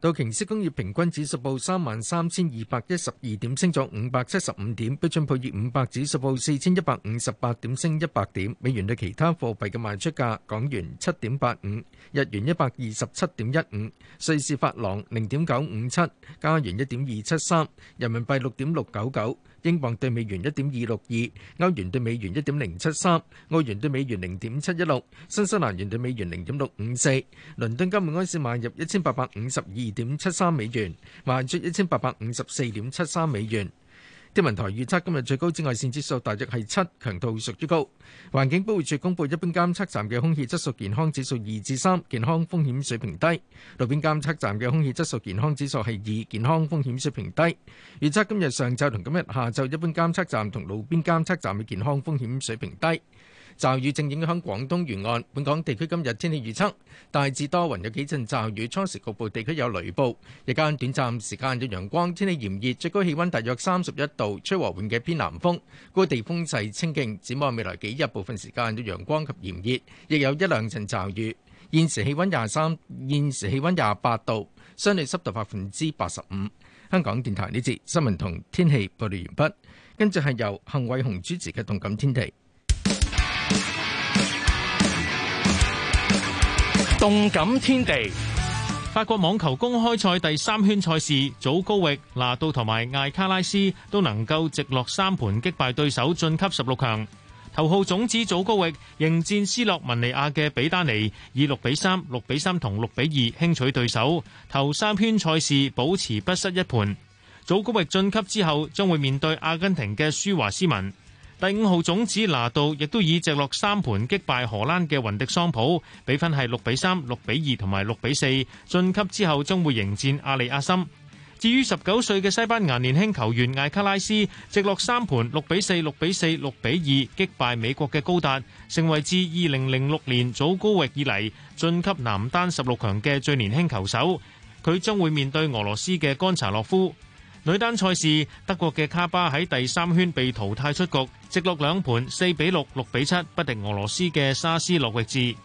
道瓊斯工業平均指數報三萬三千二百一十二點，升咗五百七十五點；標準普爾五百指數報四千一百五十八點，升一百點。美元對其他貨幣嘅賣出價：港元七點八五，日元一百二十七點一五，瑞士法郎零點九五七，加元一點二七三，人民幣六點六九九。英鎊兌美元一點二六二，歐元兌美元一點零七三，澳元兌美元零點七一六，新西蘭元兌美元零點六五四。倫敦金每盎司買入一千八百五十二點七三美元，賣出一千八百五十四點七三美元。天文台預測今日最高紫外線指數大約係七，強度屬於高。環境保護署公佈一般監測站嘅空氣質素健康指數二至三，健康風險水平低；路邊監測站嘅空氣質素健康指數係二，健康風險水平低。預測今日上晝同今日下晝一般監測站同路邊監測站嘅健康風險水平低。驟雨正影響廣東沿岸，本港地區今日天氣預測大致多雲，有幾陣驟雨，初時局部地區有雷暴，日間短暫時間有陽光，天氣炎熱，最高氣溫大約三十一度，吹和緩嘅偏南風，高地風勢清勁。展望未來幾日，部分時間有陽光及炎熱，亦有一兩陣驟雨。現時氣溫廿三，現時氣溫廿八度，相對濕度百分之八十五。香港電台呢節新聞同天氣報道完畢，跟住係由幸偉雄主持嘅動感天地。動感天地，法國網球公開賽第三圈賽事，祖高域拿度同埋艾卡拉斯都能夠直落三盤擊敗對手晉級十六強。頭號種子祖高域迎戰斯洛文尼亞嘅比丹尼，以六比三、六比三同六比二輕取對手。頭三圈賽事保持不失一盤，祖高域晉級之後將會面對阿根廷嘅舒華斯文。第五號種子拿度亦都以直落三盤擊敗荷蘭嘅雲迪桑普，比分係六比三、六比二同埋六比四，晉級之後將會迎戰阿里阿森。至於十九歲嘅西班牙年輕球員艾卡拉斯，直落三盤六比四、六比四、六比二擊敗美國嘅高達，成為自二零零六年早高域以嚟晉級男單十六強嘅最年輕球手。佢將會面對俄羅斯嘅干查洛夫。女單賽事，德國嘅卡巴喺第三圈被淘汰出局，直落兩盤四比六、六比七不敵俄羅斯嘅沙斯諾域治。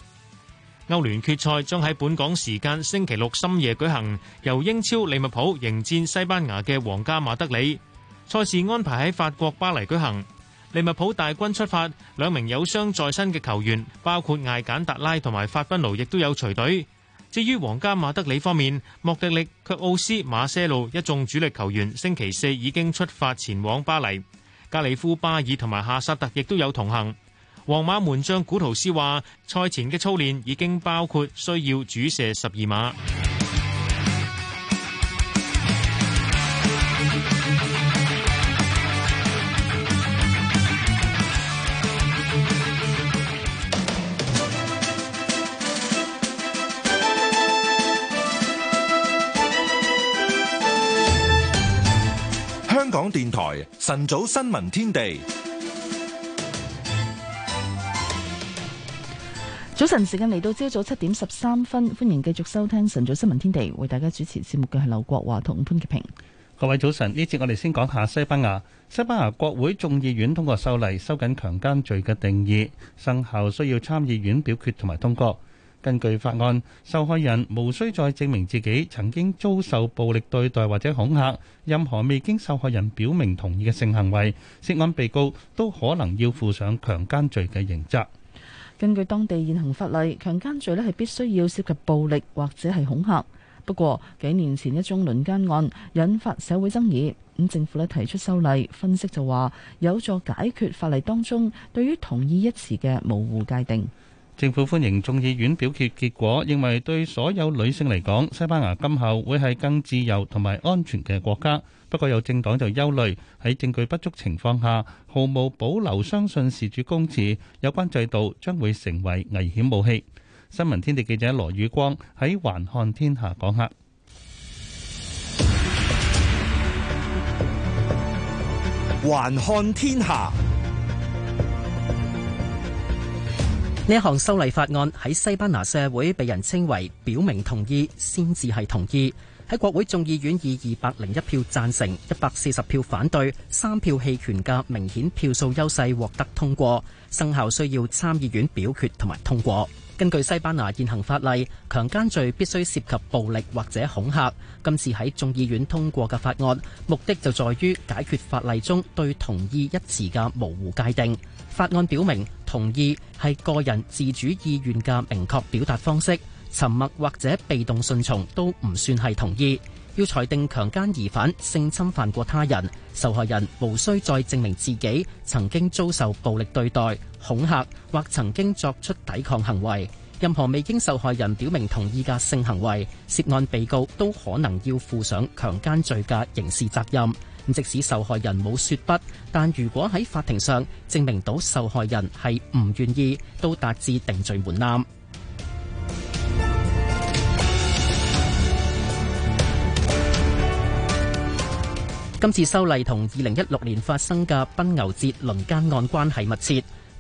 歐聯決賽將喺本港時間星期六深夜舉行，由英超利物浦迎戰西班牙嘅皇家馬德里。賽事安排喺法國巴黎舉行，利物浦大軍出發，兩名有傷在身嘅球員包括艾簡達拉同埋法賓奴，亦都有隨隊。至於皇家馬德里方面，莫迪力、卻奧斯、馬歇路一眾主力球員星期四已經出發前往巴黎，加里夫巴爾同埋夏薩特亦都有同行。皇馬門將古圖斯話：賽前嘅操練已經包括需要主射十二碼。港電台晨早新聞天地。早晨時間嚟到，朝早七點十三分，歡迎繼續收聽晨早新聞天地，為大家主持節目嘅係劉國華同潘潔平。各位早晨，呢節我哋先講下西班牙。西班牙國會眾議院通過修例收緊強姦罪嘅定義，生效需要參議院表決同埋通過。根據法案，受害人無需再證明自己曾經遭受暴力對待或者恐嚇，任何未經受害人表明同意嘅性行為，涉案被告都可能要負上強奸罪嘅刑責。根據當地現行法例，強奸罪呢係必須要涉及暴力或者係恐嚇。不過幾年前一宗輪奸案引發社會爭議，咁政府呢提出修例，分析就話有助解決法例當中對於同意一詞嘅模糊界定。政府歡迎眾議院表決結果，認為對所有女性嚟講，西班牙今後會係更自由同埋安全嘅國家。不過有政黨就憂慮喺證據不足情況下，毫無保留相信事主供詞，有關制度將會成為危險武器。新聞天地記者羅宇光喺環看天下講下。環看天下。呢一行修例法案喺西班牙社會被人稱為表明同意先至係同意，喺國會眾議院以二百零一票贊成、一百四十票反對、三票棄權嘅明顯票數優勢獲得通過，生效需要參議院表決同埋通過。根據西班牙現行法例，強奸罪必須涉及暴力或者恐嚇。今次喺眾議院通過嘅法案，目的就在於解決法例中對同意一詞嘅模糊界定。法案表明。同意係個人自主意願嘅明確表達方式，沉默或者被動順從都唔算係同意。要裁定強姦疑犯性侵犯過他人，受害人無需再證明自己曾經遭受暴力對待、恐嚇或曾經作出抵抗行為。任何未經受害人表明同意嘅性行為，涉案被告都可能要負上強姦罪嘅刑事責任。即使受害人冇說不，但如果喺法庭上證明到受害人係唔願意，都達至定罪門檻。今次修例同二零一六年發生嘅奔牛節輪姦案關係密切。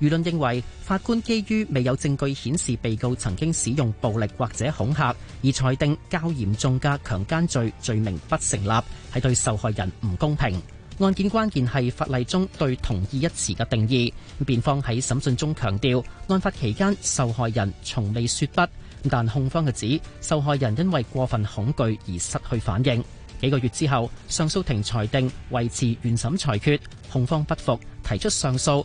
輿論認為，法官基於未有證據顯示被告曾經使用暴力或者恐嚇，而裁定較嚴重嘅強姦罪罪名不成立，係對受害人唔公平。案件關鍵係法例中對同意一詞嘅定義。辯方喺審訊中強調，案發期間受害人從未說不，但控方又指受害人因為過分恐懼而失去反應。幾個月之後，上訴庭裁定維持原審裁決，控方不服提出上訴。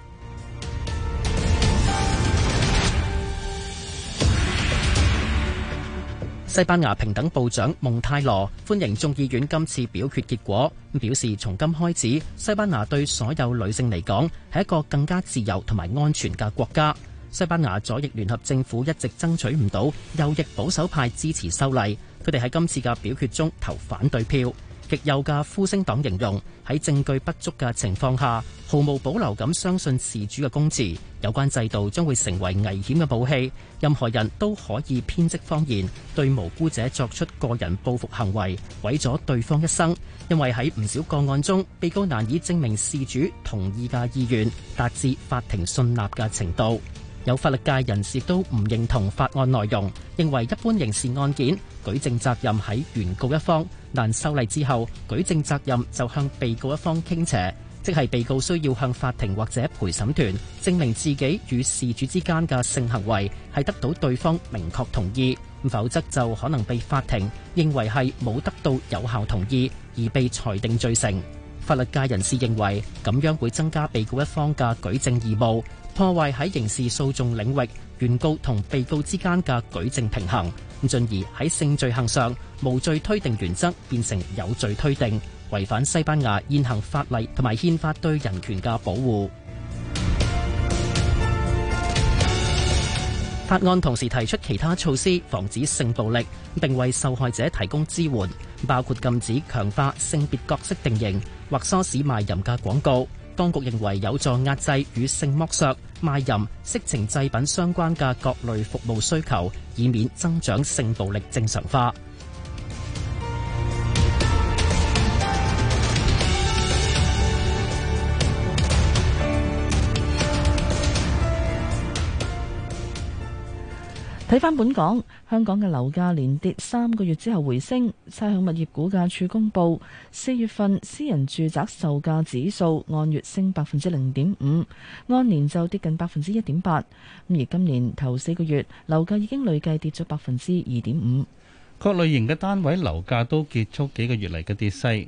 西班牙平等部長蒙泰羅歡迎眾議院今次表決結果，表示從今開始，西班牙對所有女性嚟講係一個更加自由同埋安全嘅國家。西班牙左翼聯合政府一直爭取唔到，右翼保守派支持修例，佢哋喺今次嘅表決中投反對票。極右嘅呼聲黨形容喺證據不足嘅情況下，毫無保留咁相信事主嘅供詞，有關制度將會成為危險嘅武器，任何人都可以編織謊言，對無辜者作出個人報復行為，毀咗對方一生。因為喺唔少個案中，被告難以證明事主同意嘅意願，達至法庭信納嘅程度。有法律界人士都唔認同法案內容。認為一般刑事案件舉證責任喺原告一方，但修例之後舉證責任就向被告一方傾斜，即係被告需要向法庭或者陪審團證明自己與事主之間嘅性行為係得到對方明確同意，否則就可能被法庭認為係冇得到有效同意而被裁定罪成。法律界人士認為，咁樣會增加被告一方嘅舉證義務，破壞喺刑事訴訟領域原告同被告之間嘅舉證平衡，咁進而喺性罪行上無罪推定原則變成有罪推定，違反西班牙現行法例同埋憲法對人權嘅保護。 法案同時提出其他措施，防止性暴力，並為受害者提供支援，包括禁止強化性別角色定型。或唆使賣淫嘅廣告，當局認為有助壓制與性剝削、賣淫、色情製品相關嘅各類服務需求，以免增長性暴力正常化。睇返本港，香港嘅樓價連跌三個月之後回升。差餉物業估價署公布，四月份私人住宅售價指數按月升百分之零點五，按年就跌近百分之一點八。咁而今年頭四個月樓價已經累計跌咗百分之二點五。各類型嘅單位樓價都結束幾個月嚟嘅跌勢。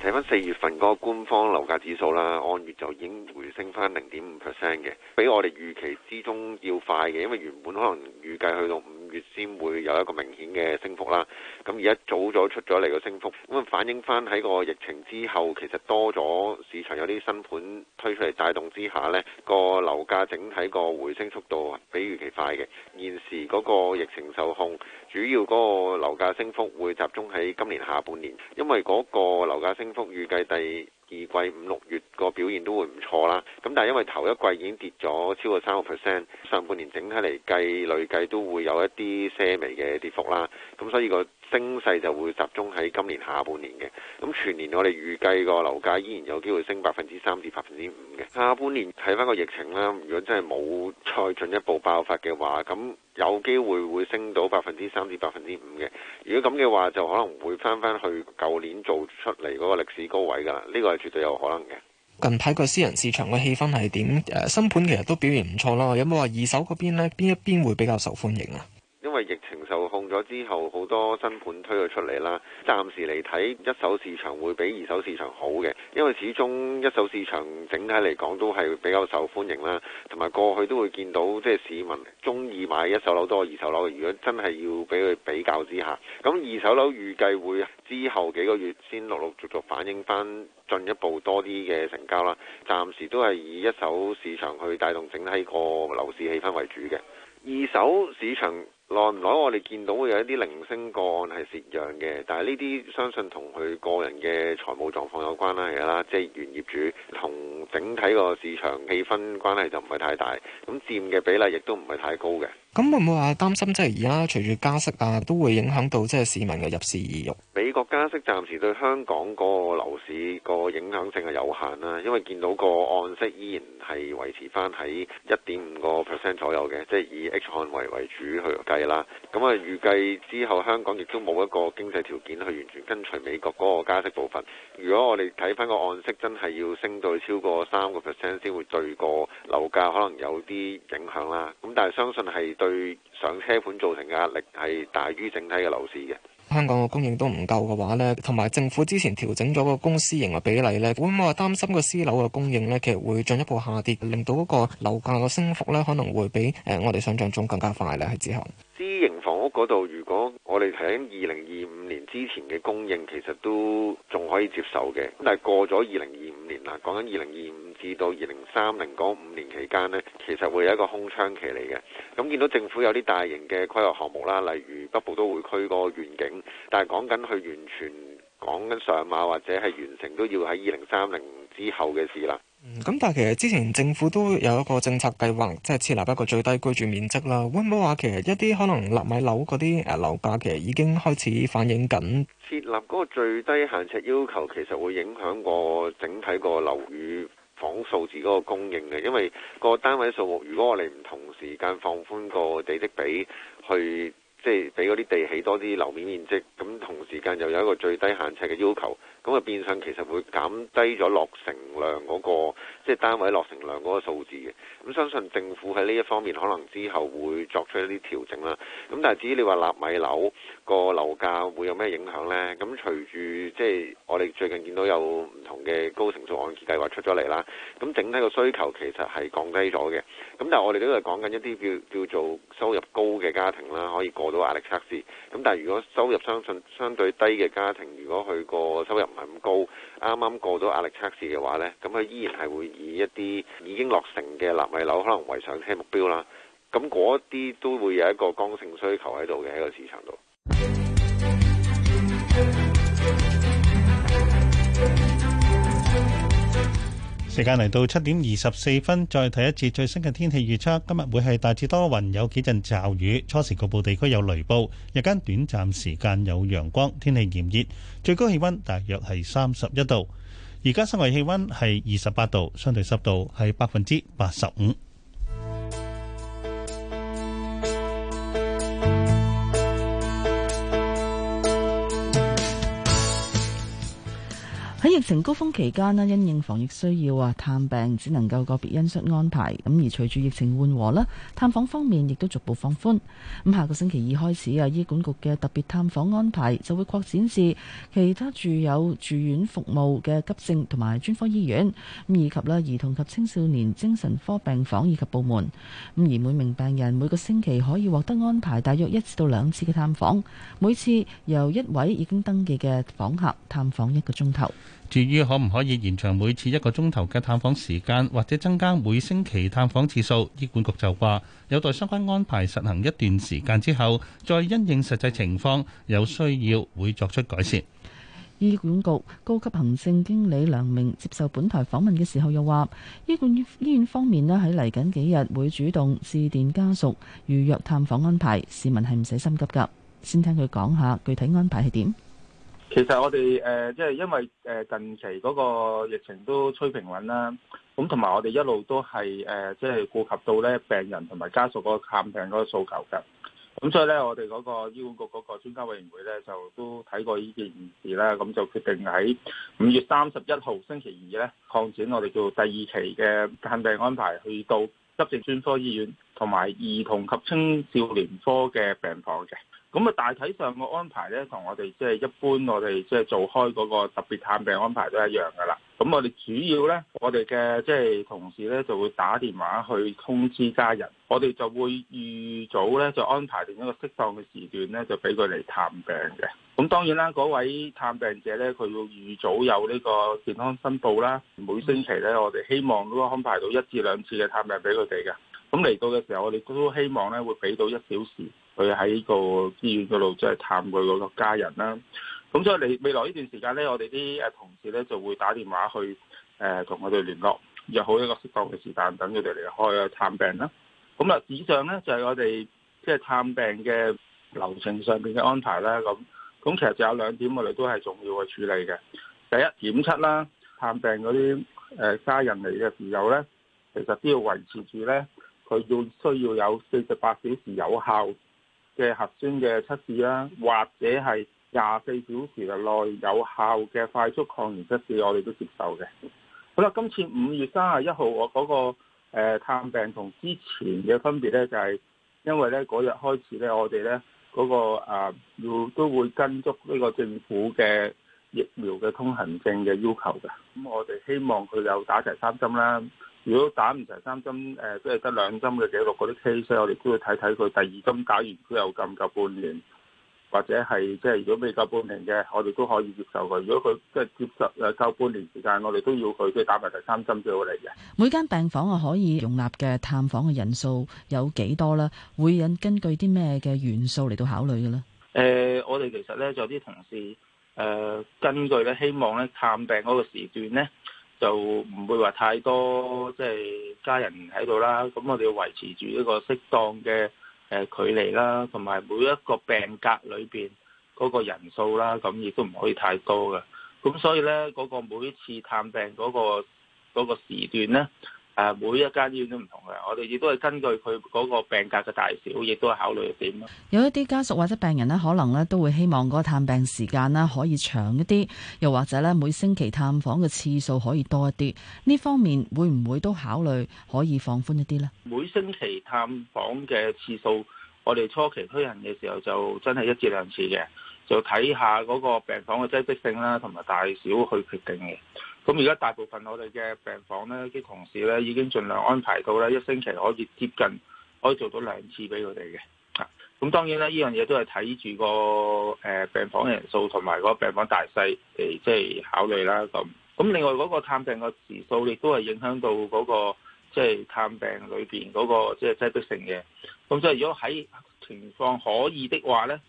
睇翻四月份個官方樓價指數啦，按月就已經回升翻零點五 percent 嘅，比我哋預期之中要快嘅，因為原本可能預計去到五月先會有一個明顯嘅升幅啦，咁而家早咗出咗嚟個升幅，咁反映翻喺個疫情之後，其實多咗市場有啲新盤推出嚟帶動之下，呢個樓價整體個回升速度比預期快嘅。現時嗰個疫情受控，主要嗰個樓價升幅會集中喺今年下半年，因為嗰個樓價升幅預計第。二季五六月個表現都會唔錯啦，咁但係因為頭一季已經跌咗超過三個 percent，上半年整體嚟計累計都會有一啲些微嘅跌幅啦，咁所以個升勢就會集中喺今年下半年嘅。咁全年我哋預計個樓價依然有機會升百分之三至百分之五嘅。下半年睇返個疫情啦，如果真係冇再進一步爆發嘅話，咁有機會會升到百分之三至百分之五嘅，如果咁嘅話，就可能會返返去舊年做出嚟嗰個歷史高位㗎啦。呢個係絕對有可能嘅。近排個私人市場嘅氣氛係點？誒，新盤其實都表現唔錯啦。有冇話二手嗰邊呢，邊一邊會比較受歡迎啊？因為疫情受控咗之後，好多新盤推咗出嚟啦。暫時嚟睇，一手市場會比二手市場好嘅。因為始終一手市場整體嚟講都係比較受歡迎啦，同埋過去都會見到，即係市民鍾意買一手樓多二手樓。如果真係要俾佢比較之下，咁二手樓預計會之後幾個月先陸陸續續反映翻進一步多啲嘅成交啦。暫時都係以一手市場去帶動整體個樓市氣氛為主嘅，二手市場。耐唔耐，久久我哋見到有一啲零星個案係蝕讓嘅，但係呢啲相信同佢個人嘅財務狀況有關啦，係啦，即係原業主同整體個市場氣氛關係就唔係太大，咁佔嘅比例亦都唔係太高嘅。咁會唔會話擔心即係而家隨住加息啊，都會影響到即係市民嘅入市意欲？美國加息暫時對香港個樓市個影響性係有限啦，因為見到個按息依然係維持翻喺一點五個 percent 左右嘅，即係以 H 按為為主去計啦。咁啊預計之後香港亦都冇一個經濟條件去完全跟隨美國嗰個加息部分。如果我哋睇翻個按息真係要升到超過三個 percent 先會對個樓價可能有啲影響啦。咁但係相信係。對上車盤造成嘅壓力係大於整體嘅樓市嘅。香港嘅供應都唔夠嘅話呢，同埋政府之前調整咗個公私營嘅比例呢，會唔會擔心個私樓嘅供應呢，其實會進一步下跌，令到嗰個樓價嘅升幅呢，可能會比誒我哋想象中更加快呢係之後。私營房屋嗰度，如果我哋睇喺二零二五年之前嘅供應，其實都仲可以接受嘅。但係過咗二零二五年啦，講緊二零二五至到二零三零嗰五年期間咧，其實會有一個空窗期嚟嘅。咁見到政府有啲大型嘅規劃項目啦，例如北部都會區嗰個願景，但係講緊佢完全講緊上馬或者係完成都要喺二零三零之後嘅事啦。嗯，咁但係其實之前政府都有一個政策計劃，即係設立一個最低居住面積啦。會唔會話其實一啲可能納米樓嗰啲誒樓價其實已經開始反映緊設立嗰個最低限尺要求，其實會影響個整體個樓宇房數字嗰個供應嘅。因為個單位數目，如果我哋唔同時間放寬個地積比去，去即係俾嗰啲地起多啲樓面面積，咁同時間又有一個最低限尺嘅要求。咁啊，變相其實會減低咗落成量嗰個，即係單位落成量嗰個數字嘅。咁相信政府喺呢一方面可能之後會作出一啲調整啦。咁但係至於你話納米樓個樓價會有咩影響呢？咁隨住即係我哋最近見到有唔同嘅高成數按揭計劃出咗嚟啦。咁整體個需求其實係降低咗嘅。咁但係我哋都係講緊一啲叫叫做收入高嘅家庭啦，可以過到壓力測試。咁但係如果收入相信相對低嘅家庭，如果去個收入，唔係咁高，啱啱過到壓力測試嘅話呢，咁佢依然係會以一啲已經落成嘅納米樓可能為上車目標啦。咁嗰啲都會有一個剛性需求喺度嘅喺個市場度。時間嚟到七點二十四分，再睇一次最新嘅天氣預測。今日會係大致多雲，有幾陣驟雨，初時局部地區有雷暴，日間短暫時間有陽光，天氣炎熱，最高氣溫大約係三十一度。而家室外氣溫係二十八度，相對濕度係百分之八十五。疫情高峰期間咧，因應防疫需要啊，探病只能夠個別因素安排。咁而隨住疫情緩和啦，探訪方面亦都逐步放寬。咁下個星期二開始啊，醫管局嘅特別探訪安排就會擴展至其他住有住院服務嘅急症同埋專科醫院，咁以及咧兒童及青少年精神科病房以及部門。咁而每名病人每個星期可以獲得安排大約一次到兩次嘅探訪，每次由一位已經登記嘅訪客探訪一個鐘頭。至於可唔可以延長每次一個鐘頭嘅探訪時間，或者增加每星期探訪次數，醫管局就話有待相關安排實行一段時間之後，再因應實際情況有需要會作出改善。醫管局高級行政經理梁明接受本台訪問嘅時候又話，醫管醫院方面咧，喺嚟緊幾日會主動致電家屬預約探訪安排，市民係唔使心急㗎。先聽佢講下具體安排係點。其實我哋誒，即、呃、係、就是、因為誒近期嗰個疫情都趨平穩啦，咁同埋我哋一路都係誒，即係顧及到咧病人同埋家屬嗰個探病嗰個訴求噶，咁、嗯、所以咧我哋嗰個醫管局嗰個專家委員會咧就都睇過呢件事啦，咁、嗯、就決定喺五月三十一號星期二咧擴展我哋做第二期嘅探病安排，去到急症專科醫院同埋兒童及青少年科嘅病房嘅。咁啊，大體上個安排咧，同我哋即係一般，我哋即係做開嗰個特別探病安排都一樣噶啦。咁我哋主要咧，我哋嘅即係同事咧，就會打電話去通知家人。我哋就會預早咧，就安排定一個適當嘅時段咧，就俾佢嚟探病嘅。咁當然啦，嗰位探病者咧，佢要預早有呢個健康申報啦。每星期咧，我哋希望都安排到一至兩次嘅探病俾佢哋嘅。咁嚟到嘅時候，我哋都希望咧，會俾到一小時。佢喺個醫院嗰度即係探佢嗰個家人啦，咁所以你未來呢段時間呢，我哋啲誒同事呢就會打電話去誒同、呃、我哋聯絡，約好一個適當嘅時間，等佢哋離開探病啦。咁啊，以上呢就係、是、我哋即係探病嘅流程上面嘅安排啦。咁咁其實就有兩點我哋都係重要嘅處理嘅，第一，檢測啦，探病嗰啲誒家人嚟嘅時候呢，其實都要維持住呢，佢要需要有四十八小時有效。嘅核酸嘅測試啦，或者係廿四小時嘅內有效嘅快速抗原測試，我哋都接受嘅。好啦，今次五月三十一號我嗰個探病同之前嘅分別咧，就係因為咧嗰日開始咧、那個，我哋咧嗰個啊要都會跟足呢個政府嘅疫苗嘅通行證嘅要求嘅。咁我哋希望佢有打齊三針啦。如果打唔齊三針，誒即係得兩針嘅記錄，嗰啲 case 我哋都要睇睇佢第二針打完佢有唔夠半年，或者係即係如果未夠半年嘅，我哋都可以接受佢。如果佢即係接受又夠、啊、半年時間，我哋都要佢即係打埋第三針先好嚟嘅。每間病房我可以容納嘅探訪嘅人數有幾多咧？會引根據啲咩嘅元素嚟到考慮嘅咧？誒、呃，我哋其實咧就啲同事誒、呃，根據咧希望咧探病嗰個時段咧。就唔會話太多，即係家人喺度啦。咁我哋要維持住一個適當嘅誒距離啦，同埋每一個病格裏邊嗰個人數啦，咁亦都唔可以太高嘅。咁所以呢，嗰個每一次探病嗰個嗰個時段呢。誒，每一間醫院都唔同嘅，我哋亦都係根據佢嗰個病格嘅大小，亦都係考慮點。有一啲家屬或者病人呢，可能咧都會希望個探病時間啦可以長一啲，又或者咧每星期探訪嘅次數可以多一啲。呢方面會唔會都考慮可以放寬一啲呢？每星期探訪嘅次數，我哋初期推行嘅時候就真係一至兩次嘅，就睇下嗰個病房嘅擠迫性啦，同埋大小去決定嘅。咁而家大部分我哋嘅病房咧，啲同事咧已經盡量安排到啦，一星期可以接近，可以做到兩次俾佢哋嘅。咁、啊、當然啦，呢樣嘢都係睇住個誒、呃、病房人數同埋個病房大細，嚟即係考慮啦。咁咁另外嗰個探病嘅時數亦都係影響到嗰、那個即係、就是、探病裏邊嗰、那個即係擠迫性嘅。咁即係如果喺情況可以的話咧，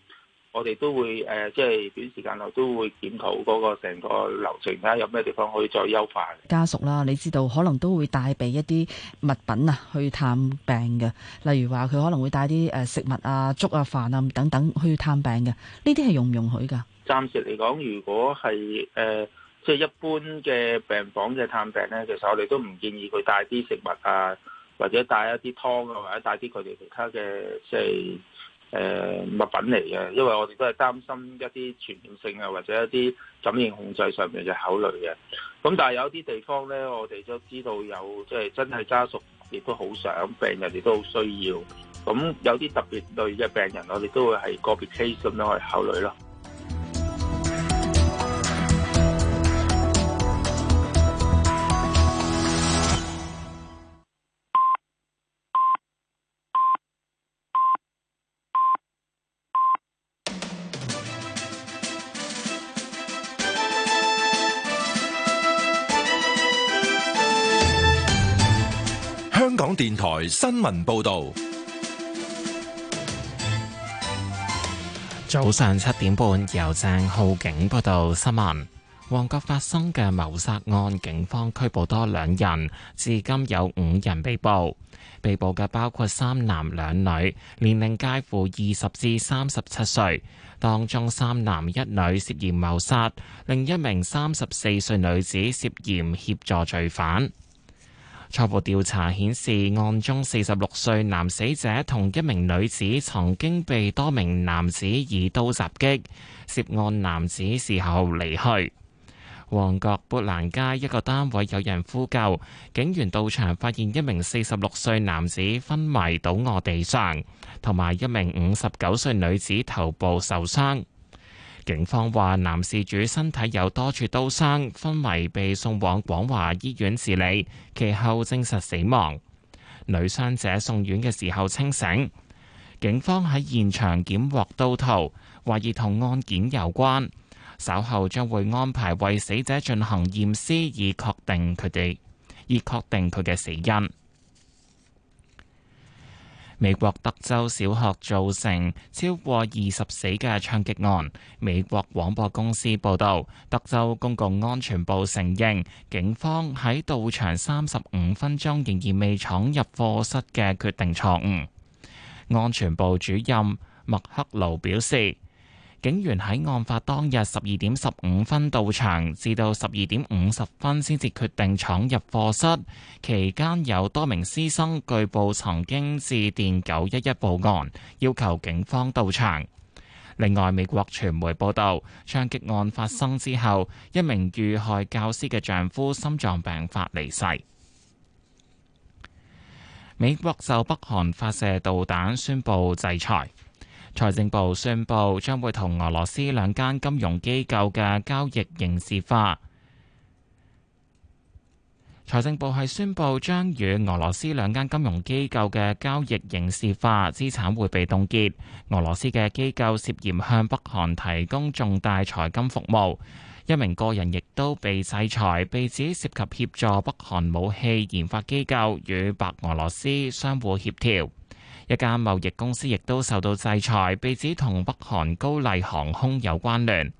我哋都會誒、呃，即係短時間內都會檢討嗰個成個流程，睇下有咩地方可以再優化。家屬啦，你知道可能都會帶備一啲物品啊，去探病嘅。例如話佢可能會帶啲誒食物啊、粥啊、飯啊等等去探病嘅。呢啲係容唔容許㗎？暫時嚟講，如果係誒，即、呃、係、就是、一般嘅病房嘅探病咧，其實我哋都唔建議佢帶啲食物啊，或者帶一啲湯啊，或者帶啲佢哋其他嘅即係。誒、呃、物品嚟嘅，因為我哋都係擔心一啲傳染性啊，或者一啲感染控制上面嘅考慮嘅。咁但係有啲地方咧，我哋都知道有即係、就是、真係家屬亦都好想，病人亦都好需要。咁有啲特別類嘅病人，我哋都會係個別 case 咁樣去考慮咯。電台新聞報道：早上七點半，由鄭浩景報道新聞。旺角發生嘅謀殺案，警方拘捕多兩人，至今有五人被捕。被捕嘅包括三男兩女，年齡介乎二十至三十七歲。當中三男一女涉嫌謀殺，另一名三十四歲女子涉嫌協助罪犯。初步調查顯示，案中四十六歲男死者同一名女子曾經被多名男子以刀襲擊，涉案男子事後離去。旺角砵蘭街一個單位有人呼救，警員到場發現一名四十六歲男子昏迷倒臥地上，同埋一名五十九歲女子頭部受傷。警方話，男事主身體有多處刀傷，昏迷被送往廣華醫院治理，其後證實死亡。女傷者送院嘅時候清醒，警方喺現場檢獲刀頭，懷疑同案件有關。稍後將會安排為死者進行驗屍，以確定佢哋，以確定佢嘅死因。美國德州小學造成超過二十死嘅槍擊案。美國廣播公司報道，德州公共安全部承認警方喺到場三十五分鐘仍然未闖入課室嘅決定錯誤。安全部主任麥克勞表示，警員喺案發當日十二點十五分到場，至到十二點五十分先至決定闖入課室。期間有多名師生據報曾經致電九一一報案，要求警方到場。另外，美國傳媒報道，槍擊案發生之後，一名遇害教師嘅丈夫心臟病發離世。美國就北韓發射導彈宣佈制裁。財政部宣佈將會同俄羅斯兩間金融機構嘅交易刑事化。財政部係宣佈將與俄羅斯兩間金融機構嘅交易刑事化，資產會被凍結。俄羅斯嘅機構涉嫌向北韓提供重大財金服務，一名個人亦都被制裁，被指涉及協助北韓武器研發機構與白俄羅斯相互協調。一家貿易公司亦都受到制裁，被指同北韓高麗航空有關聯。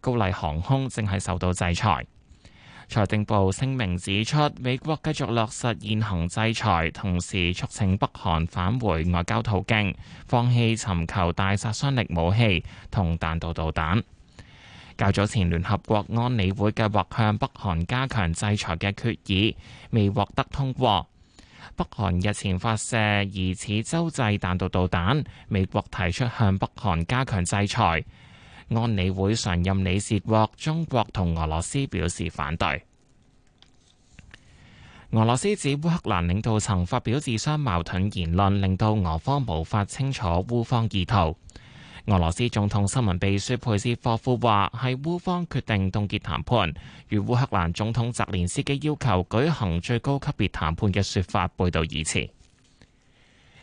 高麗航空正係受到制裁。財政部聲明指出，美國繼續落實現行制裁，同時促請北韓返回外交途徑，放棄尋求大殺傷力武器同彈道導彈。較早前聯合國安理會計劃向北韓加強制裁嘅決議，未獲得通過。北韓日前發射疑似洲際彈道導彈，美國提出向北韓加強制裁。安理會常任理事國中國同俄羅斯表示反對。俄羅斯指烏克蘭領導層發表自相矛盾言論，令到俄方無法清楚烏方意圖。俄羅斯總統新聞秘書佩斯科夫話，係烏方決定凍結談判，與烏克蘭總統澤連斯基要求舉行最高級別談判嘅說法背道而馳。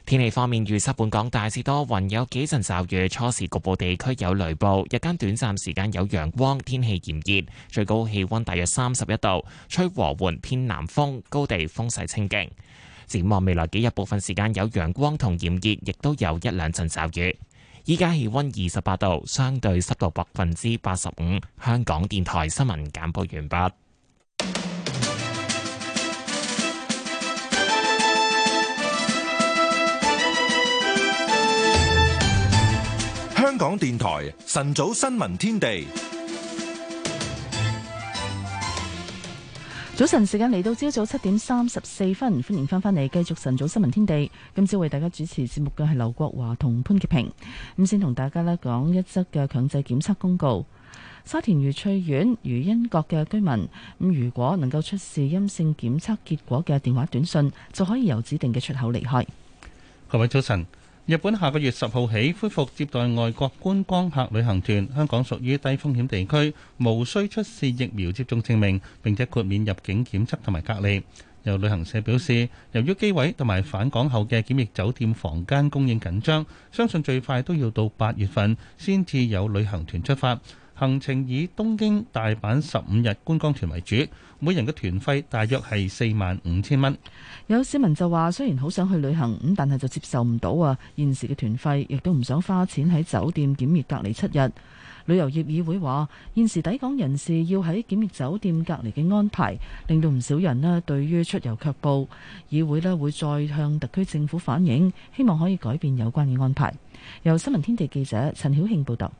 天氣方面，預測本港大致多雲，有幾陣驟雨，初時局部地區有雷暴，日間短暫時間有陽光，天氣炎熱，最高氣溫大約三十一度，吹和緩偏南風，高地風勢清勁。展望未來幾日，部分時間有陽光同炎熱，亦都有一兩陣驟雨。依家氣溫二十八度，相對濕度百分之八十五。香港電台新聞簡報完畢。香港電台晨早新聞天地。早晨時間嚟到，朝早七點三十四分，歡迎翻返嚟繼續晨早新聞天地。今朝為大家主持節目嘅係劉國華同潘潔平。咁先同大家呢講一則嘅強制檢測公告。沙田愉翠苑愉欣閣嘅居民，咁如果能夠出示陰性檢測結果嘅電話短信，就可以由指定嘅出口離開。各位早晨。日本下個月十號起恢復接待外國觀光客旅行團，香港屬於低風險地區，無需出示疫苗接種證明，並且豁免入境檢測同埋隔離。有旅行社表示，由於機位同埋返港後嘅檢疫酒店房間供應緊張，相信最快都要到八月份先至有旅行團出發，行程以東京、大阪十五日觀光團為主。每人嘅團費大約係四萬五千蚊。有市民就話：雖然好想去旅行，咁但係就接受唔到啊現時嘅團費，亦都唔想花錢喺酒店檢疫隔離七日。旅遊業議會話：現時抵港人士要喺檢疫酒店隔離嘅安排，令到唔少人咧對於出遊卻步。議會咧會再向特區政府反映，希望可以改變有關嘅安排。由新聞天地記者陳曉慶報道。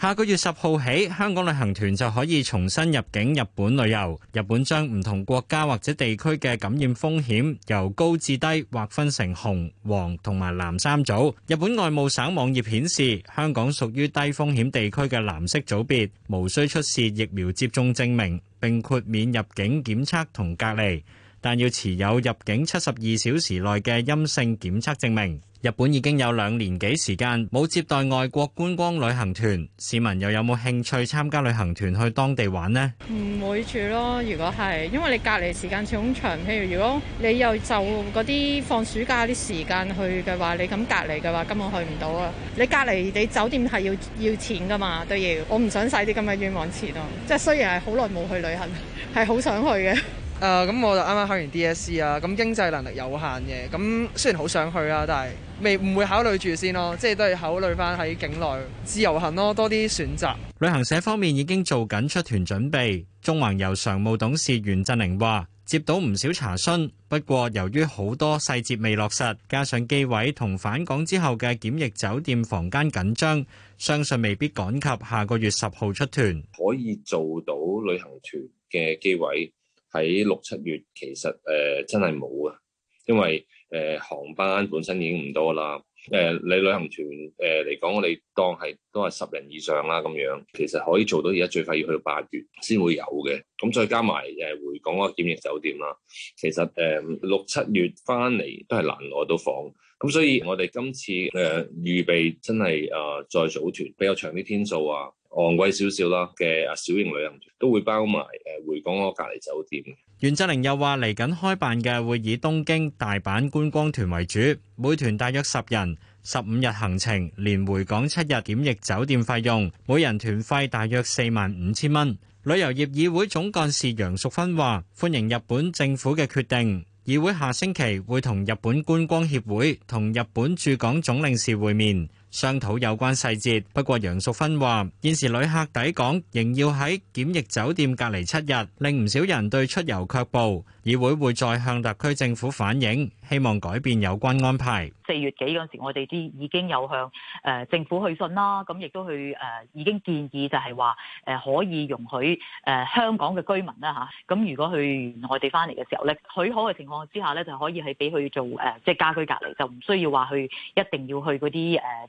下個月十號起，香港旅行團就可以重新入境日本旅遊。日本將唔同國家或者地區嘅感染風險由高至低劃分成紅、黃同埋藍三組。日本外務省網頁顯示，香港屬於低風險地區嘅藍色組別，無需出示疫苗接種證明，並豁免入境檢測同隔離，但要持有入境七十二小時內嘅陰性檢測證明。日本已經有兩年幾時間冇接待外國觀光旅行團，市民又有冇興趣參加旅行團去當地玩呢？唔會住咯，如果係，因為你隔離時間似好長，譬如如果你又就嗰啲放暑假啲時間去嘅話，你咁隔離嘅話，根本去唔到啊！你隔離你酒店係要要錢噶嘛都要，我唔想使啲咁嘅冤枉錢咯。即係雖然係好耐冇去旅行，係好想去嘅。誒咁、呃、我就啱啱考完 DSE 啊！咁經濟能力有限嘅，咁、啊、雖然好想去啊，但係未唔會考慮住先咯，即係都係考慮翻喺境內自由行咯，多啲選擇。旅行社方面已經做緊出團準備。中環遊常務董事袁振寧話，接到唔少查詢，不過由於好多細節未落實，加上機位同返港之後嘅檢疫酒店房間緊張，相信未必趕及下個月十號出團。可以做到旅行團嘅機位。喺六七月其實誒、呃、真係冇啊，因為誒、呃、航班本身已經唔多啦。誒、呃、你旅行團誒嚟講，我、呃、哋當係都係十人以上啦咁樣，其實可以做到。而家最快要去到八月先會有嘅。咁再加埋誒、呃、回港嗰個檢疫酒店啦，其實誒六七月翻嚟都係難攞到房。咁所以我哋今次誒、呃、預備真係啊、呃、再組團比較長啲天數啊。昂貴少少啦嘅啊小型旅行團都會包埋誒回港嗰個隔離酒店。袁澤靈又話：嚟緊開辦嘅會以東京大阪觀光團為主，每團大約十人，十五日行程，連回港七日檢疫酒店費用，每人團費大約四萬五千蚊。旅遊業議會總幹事楊淑芬話：歡迎日本政府嘅決定，議會下星期會同日本觀光協會同日本駐港總領事會面。商討有關細節，不過楊淑芬話：現時旅客抵港仍要喺檢疫酒店隔離七日，令唔少人對出遊卻步。議會會再向特區政府反映，希望改變有關安排。四月幾嗰時，我哋啲已經有向誒政府去信啦，咁亦都去誒已經建議就係話誒可以容許誒香港嘅居民啦嚇，咁如果去外地翻嚟嘅時候咧，許可嘅情況之下咧，就可以係俾佢做誒即係家居隔離，就唔需要話去一定要去嗰啲誒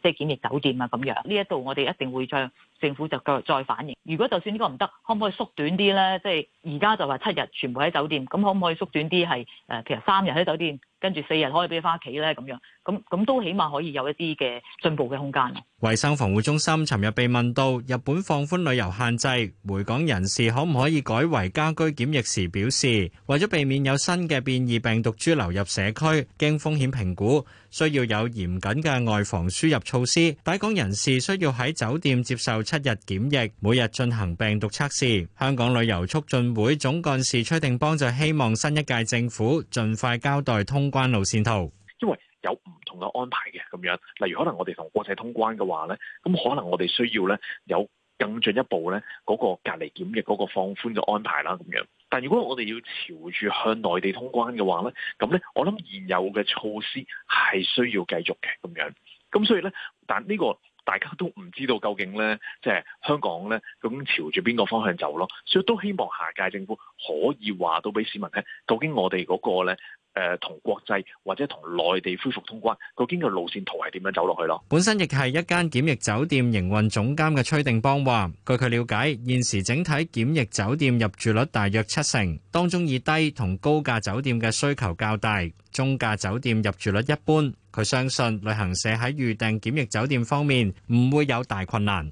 即係。檢疫酒店啊，咁樣呢一度我哋一定會向政府就再反映。如果就算呢個唔得，可唔可以縮短啲咧？即係而家就話七日全部喺酒店，咁可唔可以縮短啲？係、呃、誒，其實三日喺酒店。跟住四日可以俾你翻屋企咧，咁樣咁咁都起碼可以有一啲嘅進步嘅空間。衞生防護中心尋日被問到日本放寬旅遊限制，回港人士可唔可以改為家居檢疫時，表示為咗避免有新嘅變異病毒株流入社區，經風險評估，需要有嚴謹嘅外防輸入措施。抵港人士需要喺酒店接受七日檢疫，每日進行病毒測試。香港旅遊促進會總幹事崔定邦就希望新一屆政府盡快交代通關路線圖，因為有唔同嘅安排嘅咁樣，例如可能我哋同國際通關嘅話咧，咁可能我哋需要咧有更進一步咧嗰個隔離檢疫嗰個放寬嘅安排啦咁樣。但如果我哋要朝住向內地通關嘅話咧，咁咧我諗現有嘅措施係需要繼續嘅咁樣。咁所以咧，但呢個大家都唔知道究竟咧，即係香港咧咁朝住邊個方向走咯。所以都希望下屆政府可以話到俾市民聽，究竟我哋嗰個咧。誒同國際或者同內地恢復通關，究竟個路線圖係點樣走落去咯？本身亦係一間檢疫酒店營運總監嘅崔定邦話，據佢了解，現時整體檢疫酒店入住率大約七成，當中以低同高價酒店嘅需求較大，中價酒店入住率一般。佢相信旅行社喺預訂檢疫酒店方面唔會有大困難。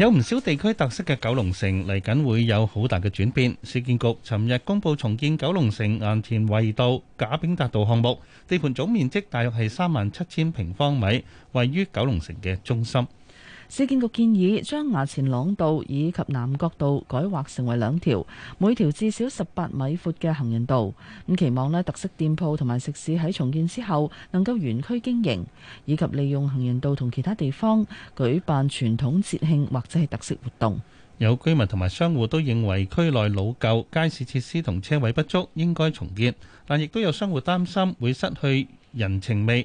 有唔少地區特色嘅九龍城嚟緊會有好大嘅轉變。市建局尋日公布重建九龍城衙前圍道、賈炳達道項目，地盤總面積大約係三萬七千平方米，位於九龍城嘅中心。市建局建議將衙前塱道以及南角道改劃成為兩條，每條至少十八米闊嘅行人道，咁期望咧特色店鋪同埋食肆喺重建之後能夠原區經營，以及利用行人道同其他地方舉辦傳統節慶或者係特色活動。有居民同埋商戶都認為區內老舊街市設施同車位不足，應該重建，但亦都有商戶擔心會失去人情味。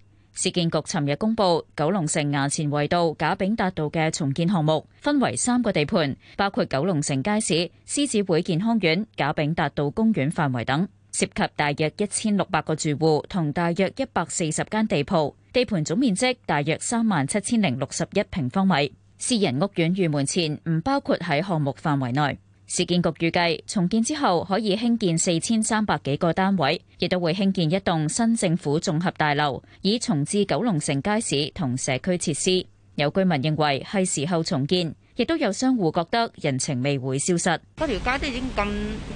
市建局尋日公布九龍城衙前圍道、賈炳達道嘅重建項目，分為三個地盤，包括九龍城街市、獅子會健康院、賈炳達道公園範圍等，涉及大約一千六百個住戶同大約一百四十間地鋪，地盤總面積大約三萬七千零六十一平方米，私人屋苑御門前唔包括喺項目範圍內。市建局預計重建之後可以興建四千三百幾個單位，亦都會興建一棟新政府綜合大樓，以重置九龍城街市同社區設施。有居民認為係時候重建，亦都有商戶覺得人情未會消失。嗰條街都已經咁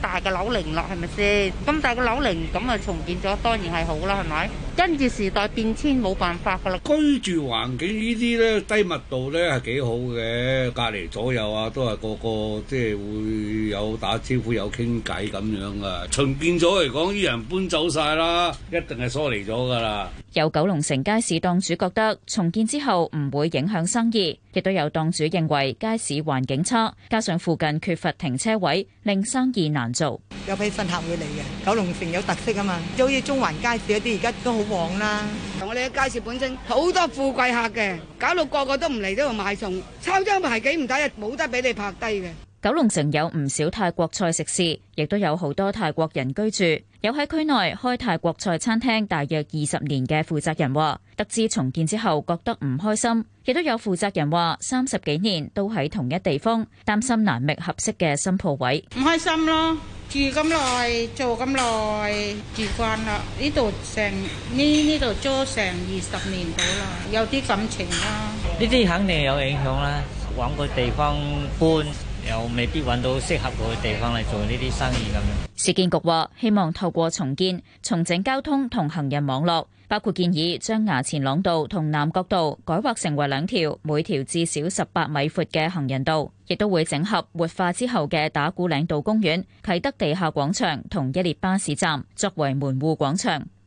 大嘅樓齡啦，係咪先？咁大嘅樓齡，咁啊重建咗，當然係好啦，係咪？跟住時代變遷，冇辦法噶啦。居住環境呢啲咧，低密度咧係幾好嘅，隔離左右啊，都係個個即係會有打招呼、有傾偈咁樣啊。重建咗嚟講，啲人搬走晒啦，一定係疏離咗噶啦。有九龍城街市檔主覺得重建之後唔會影響生意，亦都有檔主認為街市環境差，加上附近缺乏停車。一位令生意難做，有批新客會嚟嘅。九龍城有特色啊嘛，就好似中環街市一啲，而家都好旺啦。同我哋嘅街市本身好多富貴客嘅，搞到個個都唔嚟呢度買餸。抽張牌幾唔抵啊，冇得俾你拍低嘅。九龍城有唔少泰國菜食肆，亦都有好多泰國人居住。有喺區內開泰國菜餐廳大約二十年嘅負責人話，得知重建之後覺得唔開心。亦都有負責人話，三十幾年都喺同一地方，擔心難覓合適嘅新鋪位。唔開心咯，住咁耐，做咁耐，住慣啦。呢度成呢呢度做成二十年度啦，有啲感情啦。呢啲肯定有影響啦，搵個地方搬。又未必揾到適合嘅地方嚟做呢啲生意咁樣。市建局話希望透過重建、重整交通同行人網絡，包括建議將衙前塱道同南角道改劃成為兩條每條至少十八米闊嘅行人道，亦都會整合活化之後嘅打鼓嶺道公園啟德地下廣場同一列巴士站作為門戶廣場。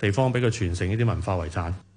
地方俾佢傳承呢啲文化遺產。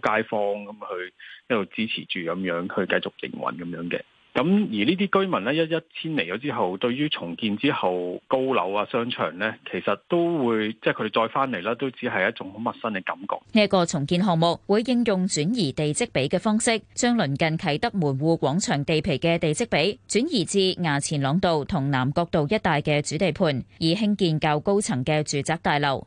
街坊咁去一路支持住，咁樣去繼續營運咁樣嘅。咁而呢啲居民咧，一一遷離咗之後，對於重建之後高樓啊、商場咧，其實都會即係佢哋再翻嚟啦，都只係一種好陌生嘅感覺。呢一個重建項目會應用轉移地積比嘅方式，將鄰近啟德門戶廣場地皮嘅地積比轉移至衙前塱道同南角道一帶嘅主地盤，以興建較高層嘅住宅大樓。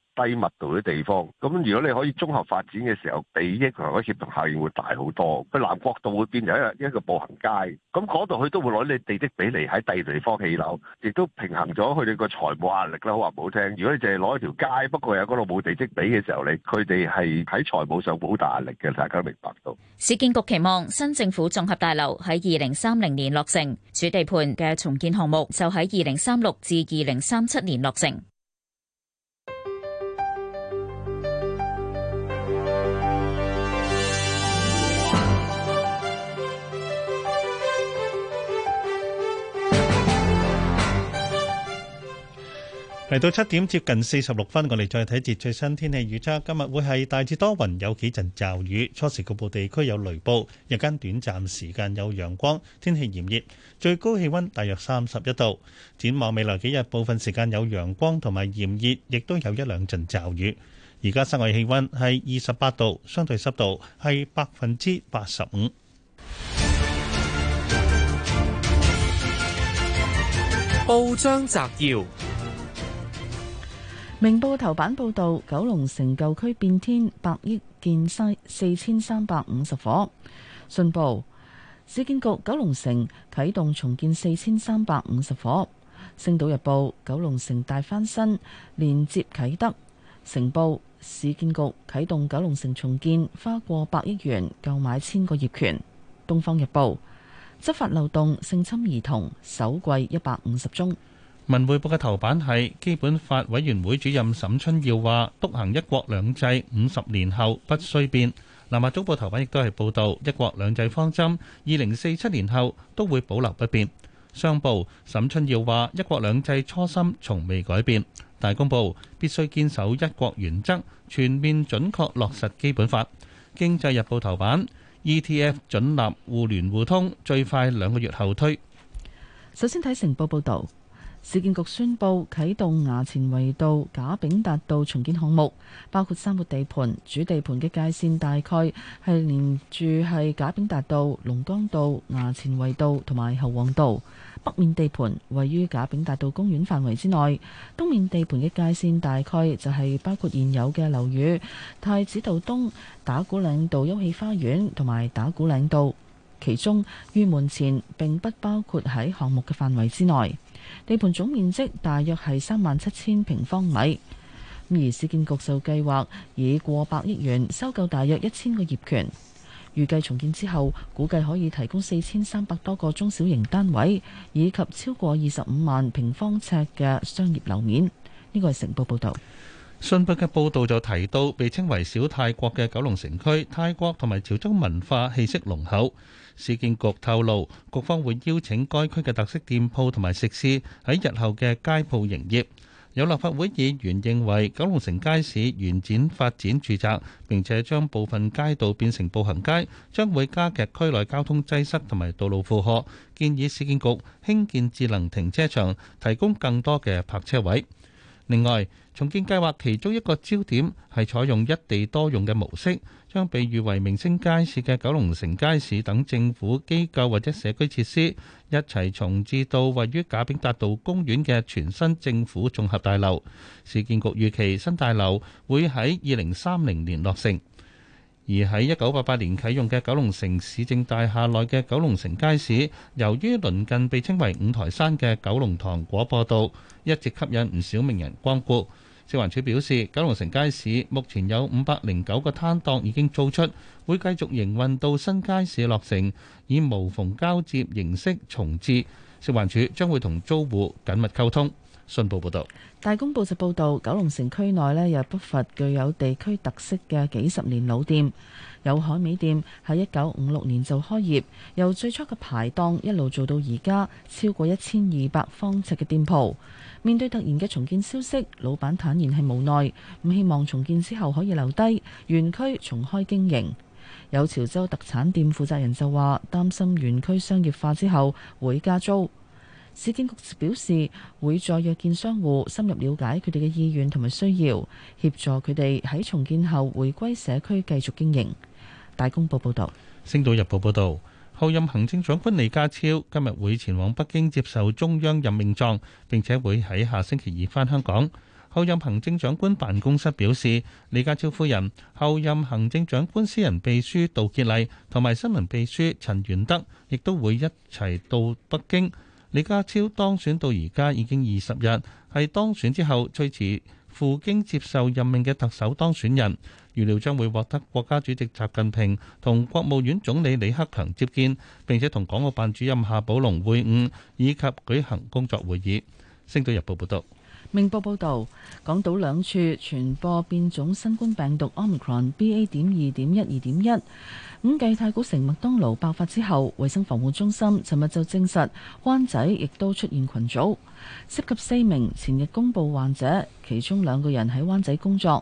低密度嘅地方，咁如果你可以綜合發展嘅時候，比益同嗰個協同效應會大好多。佢南角度嗰邊變成一一個步行街，咁嗰度佢都會攞你地積比例喺第二地方起樓，亦都平衡咗佢哋個財務壓力啦。好話唔好聽，如果你淨係攞一條街，不過有嗰度冇地積比嘅時候，你佢哋係喺財務上好大壓力嘅，大家都明白到。市建局期望新政府綜合大樓喺二零三零年落成，主地盤嘅重建項目就喺二零三六至二零三七年落成。嚟到七點接近四十六分，我哋再睇一節最新天氣預測。今日會係大致多雲，有幾陣驟雨，初時局部地區有雷暴，日間短暫時間有陽光，天氣炎熱，最高氣溫大約三十一度。展望未來幾日，部分時間有陽光同埋炎熱，亦都有一兩陣驟雨。而家室外氣溫係二十八度，相對濕度係百分之八十五。報章摘要。明報頭版報導，九龍城舊區變天百億，百億建西四千三百五十伙。信報，市建局九龍城啟動重建四千三百五十伙。星島日報，九龍城大翻身，連接啟德。成報，市建局啟動九龍城重建，花過百億元購買千個業權。東方日報，執法漏洞性侵兒童首季一百五十宗。文匯報嘅頭版係基本法委員會主任沈春耀話：，篤行一國兩制，五十年後不需變。南華早報頭版亦都係報道一國兩制方針二零四七年後都會保留不變。商報，沈春耀話：，一國兩制初心從未改變。大公報，必須堅守一國原則，全面準確落實基本法。經濟日報頭版，ETF 準立互聯互通，最快兩個月後推。首先睇成報報道。市建局宣布啟動衙前圍道、賈炳達道重建項目，包括三個地盤。主地盤嘅界綫大概係連住係賈炳達道、龍崗道、衙前圍道同埋侯王道。北面地盤位於賈炳達道公園範圍之內，東面地盤嘅界綫大概就係包括現有嘅樓宇太子道東、打鼓嶺道休憩花園同埋打鼓嶺道。其中，御門前並不包括喺項目嘅範圍之內。地盤總面積大約係三萬七千平方米，而市建局就計劃以過百億元收購大約一千個業權，預計重建之後，估計可以提供四千三百多個中小型單位，以及超過二十五萬平方尺嘅商業樓面。呢個係成報報導。信報嘅報導就提到，被稱為小泰國嘅九龍城區，泰國同埋潮州文化氣息濃厚。市建局透露，局方會邀請該區嘅特色店鋪同埋食肆喺日後嘅街鋪營業。有立法會議員認為，九龍城街市延展發展住宅，並且將部分街道變成步行街，將會加劇區內交通擠塞同埋道路負荷。建議市建局興建智能停車場，提供更多嘅泊車位。另外，重建計劃其中一個焦點係採用一地多用嘅模式，將被譽為明星街市嘅九龍城街市等政府機構或者社區設施一齊重置到位於賈炳達道公園嘅全新政府綜合大樓。市建局預期新大樓會喺二零三零年落成。而喺一九八八年啟用嘅九龍城市政大廈內嘅九龍城街市，由於鄰近被稱為五台山嘅九龍塘廣播道，一直吸引唔少名人光顧，食環署表示，九龍城街市目前有五百零九個攤檔已經租出，會繼續營運到新街市落成，以無縫交接形式重置。食環署將會同租戶緊密溝通。信報報導，大公報就報導，九龍城區內呢又不乏具有地區特色嘅幾十年老店，有海味店喺一九五六年就開業，由最初嘅排檔一路做到而家，超過一千二百方尺嘅店鋪。面對突然嘅重建消息，老闆坦言係無奈，咁希望重建之後可以留低原區重開經營。有潮州特產店負責人就話，擔心原區商業化之後會加租。市建局表示會再約見商戶，深入了解佢哋嘅意願同埋需要，協助佢哋喺重建後回歸社區繼續經營。大公報報道，星島日報報道，候任行政長官李家超今日會前往北京接受中央任命狀，並且會喺下星期二返香港。候任行政長官辦公室表示，李家超夫人、候任行政長官私人秘書杜杰麗同埋新聞秘書陳元德亦都會一齊到北京。李家超當選到而家已經二十日，係當選之後最遲赴京接受任命嘅特首當選人，預料將會獲得國家主席習近平同國務院總理李克強接見，並且同港澳辦主任夏寶龍會晤，以及舉行工作會議。星島日報報道。明報報導，港島兩處傳播變種新冠病毒 Omicron BA. 點二點一二點一。五繼太古城麥當勞爆發之後，衞生防護中心尋日就證實，灣仔亦都出現群組，涉及四名前日公佈患者，其中兩個人喺灣仔工作，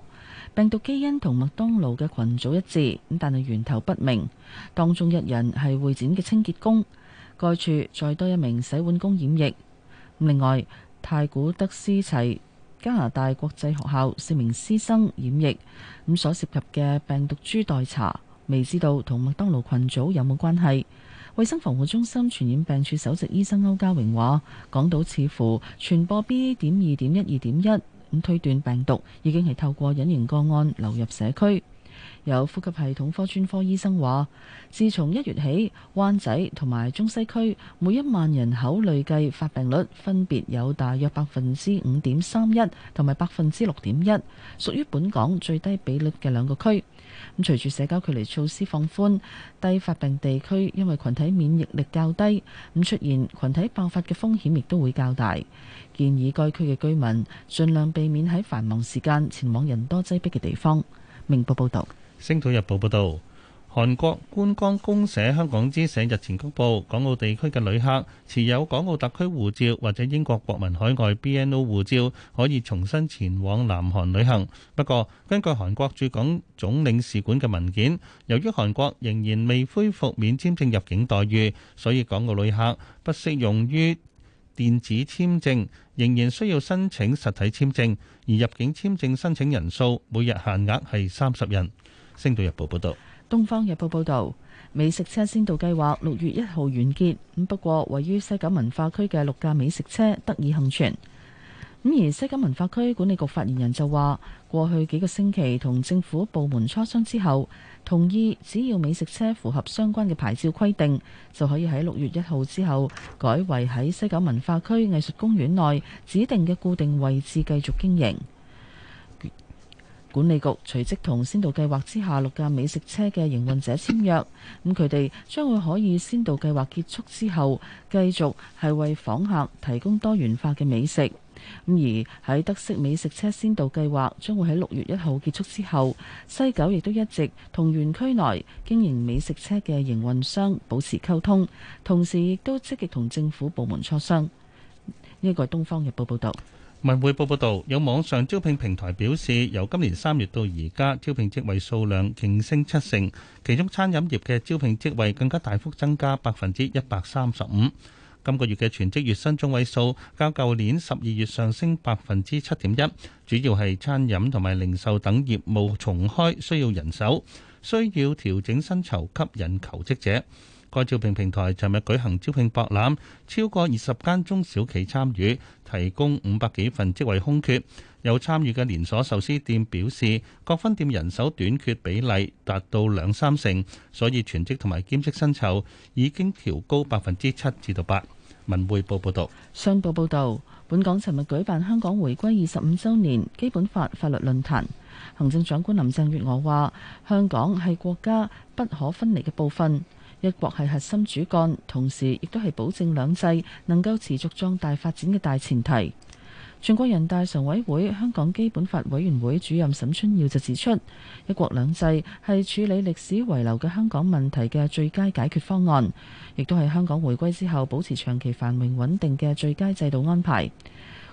病毒基因同麥當勞嘅群組一致，咁但係源頭不明。當中一人係會展嘅清潔工，該處再多一名洗碗工染疫。另外太古德斯齊加拿大國際學校四名師生染疫，咁所涉及嘅病毒株待查，未知道同麥當勞群組有冇關係。衞生防護中心傳染病處首席醫生歐家榮話：港島似乎傳播 BA. 點二點一二點一，咁推斷病毒已經係透過隱形個案流入社區。有呼吸系統科專科醫生話，自從一月起，灣仔同埋中西區每一萬人口累計發病率分別有大約百分之五點三一同埋百分之六點一，屬於本港最低比率嘅兩個區。咁隨住社交距離措施放寬，低發病地區因為群體免疫力較低，咁出現群體爆發嘅風險亦都會較大。建議該區嘅居民盡量避免喺繁忙時間前往人多擠迫嘅地方。明報報道。星島日報報導，韓國觀光公社香港支社日前公布，港澳地區嘅旅客持有港澳特區護照或者英國國民海外 BNO 護照，可以重新前往南韓旅行。不過，根據韓國駐港總領事館嘅文件，由於韓國仍然未恢復免簽證入境待遇，所以港澳旅客不適用於電子簽證，仍然需要申請實體簽證。而入境簽證申請人數每日限額係三十人。星島日報報道，東方日報報道，美食車先導計劃六月一號完結。咁不過，位於西九文化區嘅六架美食車得以幸存。咁而西九文化區管理局發言人就話，過去幾個星期同政府部門磋商之後，同意只要美食車符合相關嘅牌照規定，就可以喺六月一號之後改為喺西九文化區藝術公園內指定嘅固定位置繼續經營。管理局隨即同先導計劃之下六架美食車嘅營運者簽約，咁佢哋將會可以先導計劃結束之後，繼續係為訪客提供多元化嘅美食。咁而喺德式美食車先導計劃將會喺六月一號結束之後，西九亦都一直同園區內經營美食車嘅營運商保持溝通，同時亦都積極同政府部門磋商。呢一個係《東方日報》報導。文匯報報道，有網上招聘平台表示，由今年三月到而家，招聘職位數量勁升七成，其中餐飲業嘅招聘職位更加大幅增加百分之一百三十五。今個月嘅全職月薪中位數較舊年十二月上升百分之七點一，主要係餐飲同埋零售等業務重開，需要人手，需要調整薪酬吸引求職者。該招聘平台尋日舉行招聘博覽，超過二十間中小企參與，提供五百幾份職位空缺。有參與嘅連鎖壽司店表示，各分店人手短缺比例達到兩三成，所以全職同埋兼職薪酬已經調高百分之七至到八。文匯報報導，商報報導，本港尋日舉辦香港回歸二十五週年基本法法律論壇，行政長官林鄭月娥話：香港係國家不可分離嘅部分。一國係核心主幹，同時亦都係保證兩制能夠持續壯大發展嘅大前提。全國人大常委會、香港基本法委員會主任沈春耀就指出，一國兩制係處理歷史遺留嘅香港問題嘅最佳解決方案，亦都係香港回歸之後保持長期繁榮穩定嘅最佳制度安排。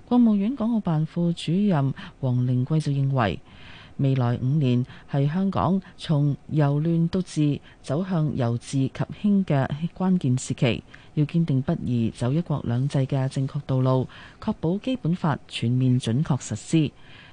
國務院港澳辦副主任黃寧貴就認為，未來五年係香港從由亂到治走向由治及興嘅關鍵時期，要堅定不移走一國兩制嘅正確道路，確保基本法全面準確實施。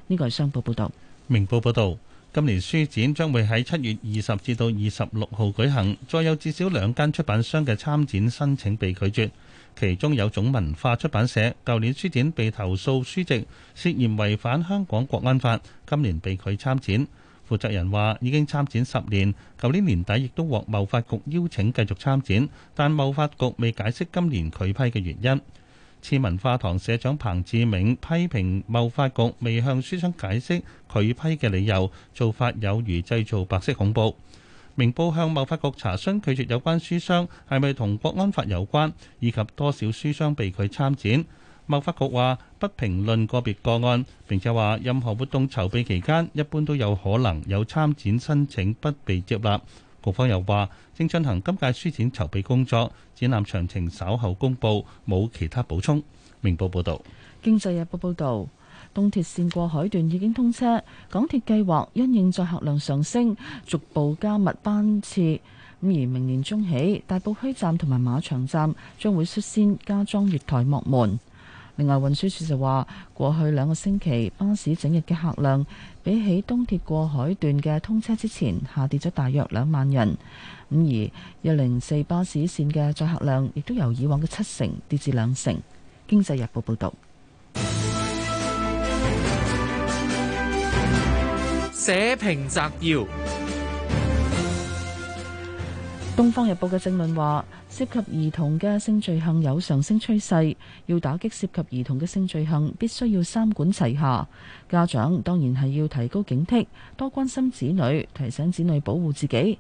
呢個係商報報道。明報報道，今年書展將會喺七月二十至到二十六號舉行，再有至少兩間出版商嘅參展申請被拒絕。其中有種文化出版社，舊年書展被投訴書籍涉嫌違反香港國安法，今年被拒參展。負責人話已經參展十年，舊年年底亦都獲貿發局邀請繼續參展，但貿發局未解釋今年拒批嘅原因。次文化堂社長彭志銘批評貿發局未向書商解釋拒批嘅理由，做法有如製造白色恐怖。明報向貿發局查詢拒絕有關書商係咪同國安法有關，以及多少書商被拒參展。貿發局話不評論個別個案，並且話任何活動籌備期間，一般都有可能有參展申請不被接納。局方又話正進行今屆書展籌備工作，展覽詳情稍後公佈，冇其他補充。明報報導，經濟日報報導。東鐵線過海段已經通車，港鐵計劃因應載客量上升，逐步加密班次。咁而明年中起，大埔墟站同埋馬場站將會率先加裝月台幕門。另外，運輸署就話，過去兩個星期巴士整日嘅客量，比起東鐵過海段嘅通車之前，下跌咗大約兩萬人。咁而一零四巴士線嘅載客量亦都由以往嘅七成跌至兩成。經濟日報報導。社評摘要，《東方日報》嘅正論話，涉及兒童嘅性罪行有上升趨勢，要打擊涉及兒童嘅性罪行，必須要三管齊下。家長當然係要提高警惕，多關心子女，提醒子女保護自己。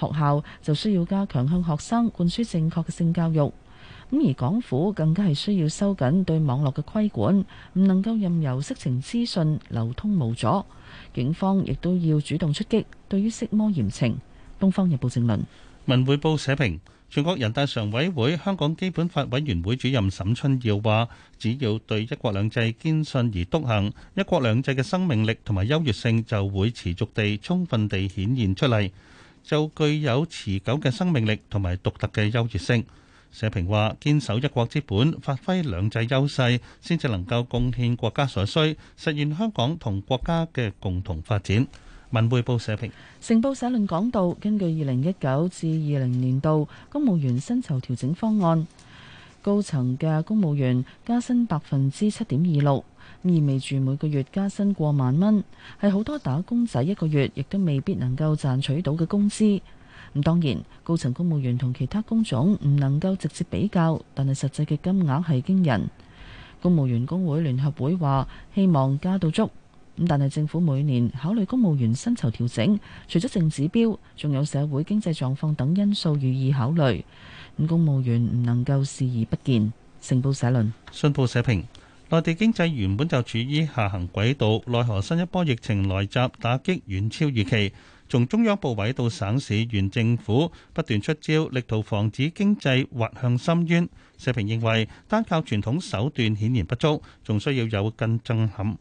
學校就需要加強向學生灌輸正確嘅性教育。咁而港府更加係需要收緊對網絡嘅規管，唔能夠任由色情資訊流通無阻。警方亦都要主動出擊，對於色魔嚴懲。《東方日報》正論，《文匯報》社評，全國人大常委會香港基本法委員會主任沈春耀話：只要對一國兩制堅信而篤行，一國兩制嘅生命力同埋優越性就會持續地、充分地顯現出嚟，就具有持久嘅生命力同埋獨特嘅優越性。社評話：堅守一國之本，發揮兩制優勢，先至能夠貢獻國家所需，實現香港同國家嘅共同發展。文匯報社評，成報社論講到，根據二零一九至二零年度公務員薪酬調整方案，高層嘅公務員加薪百分之七點二六，意味住每個月加薪過萬蚊，係好多打工仔一個月亦都未必能夠賺取到嘅工資。咁當然，高層公務員同其他工種唔能夠直接比較，但係實際嘅金額係驚人。公務員工會聯合會話：希望加到足。咁但係政府每年考慮公務員薪酬調整，除咗淨指標，仲有社會經濟狀況等因素予以考慮。咁公務員唔能夠視而不見。成報社論，信報社評：內地經濟原本就處於下行軌道，奈何新一波疫情來襲，打擊遠超預期。從中央部委到省市縣政府不斷出招，力圖防止經濟滑向深淵。社評認為，單靠傳統手段顯然不足，仲需要有更震撼，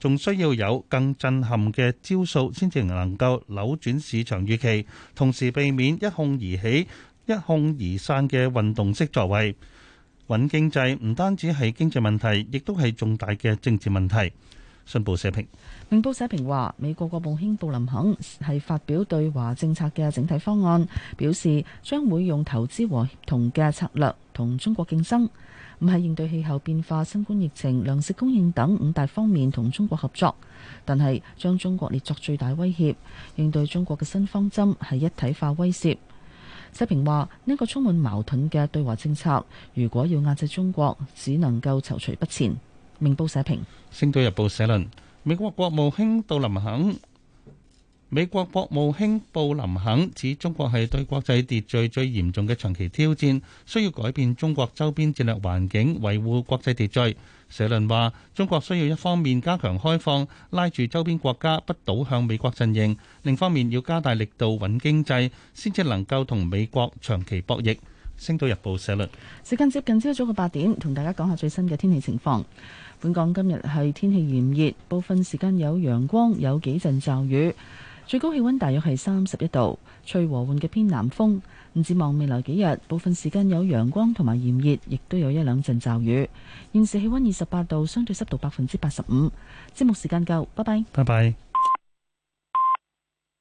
仲需要有更震撼嘅招數，先至能夠扭轉市場預期，同時避免一哄而起、一哄而散嘅運動式作為。穩經濟唔單止係經濟問題，亦都係重大嘅政治問題。信報社評。明報社評話，美國國務卿布林肯係發表對華政策嘅整體方案，表示將會用投資和協同嘅策略同中國競爭，唔係應對氣候變化、新冠疫情、糧食供應等五大方面同中國合作，但係將中國列作最大威脅，應對中國嘅新方針係一體化威懾。社評話呢個充滿矛盾嘅對華政策，如果要壓制中國，只能夠躊躇不前。明報社評，《星島日報》社論。美國國務卿布林肯，美國國務卿布林肯指中國係對國際秩序最嚴重嘅長期挑戰，需要改變中國周邊戰略環境，維護國際秩序。社論話，中國需要一方面加強開放，拉住周邊國家不倒向美國陣營，另一方面要加大力度穩經濟，先至能夠同美國長期博弈。星島日報社論。時間接近朝早嘅八點，同大家講下最新嘅天氣情況。本港今日係天氣炎熱，部分時間有陽光，有幾陣驟雨，最高氣溫大約係三十一度，吹和緩嘅偏南風。唔指望未來幾日，部分時間有陽光同埋炎熱，亦都有一兩陣驟雨。現時氣溫二十八度，相對濕度百分之八十五。節目時間夠，拜拜。拜拜。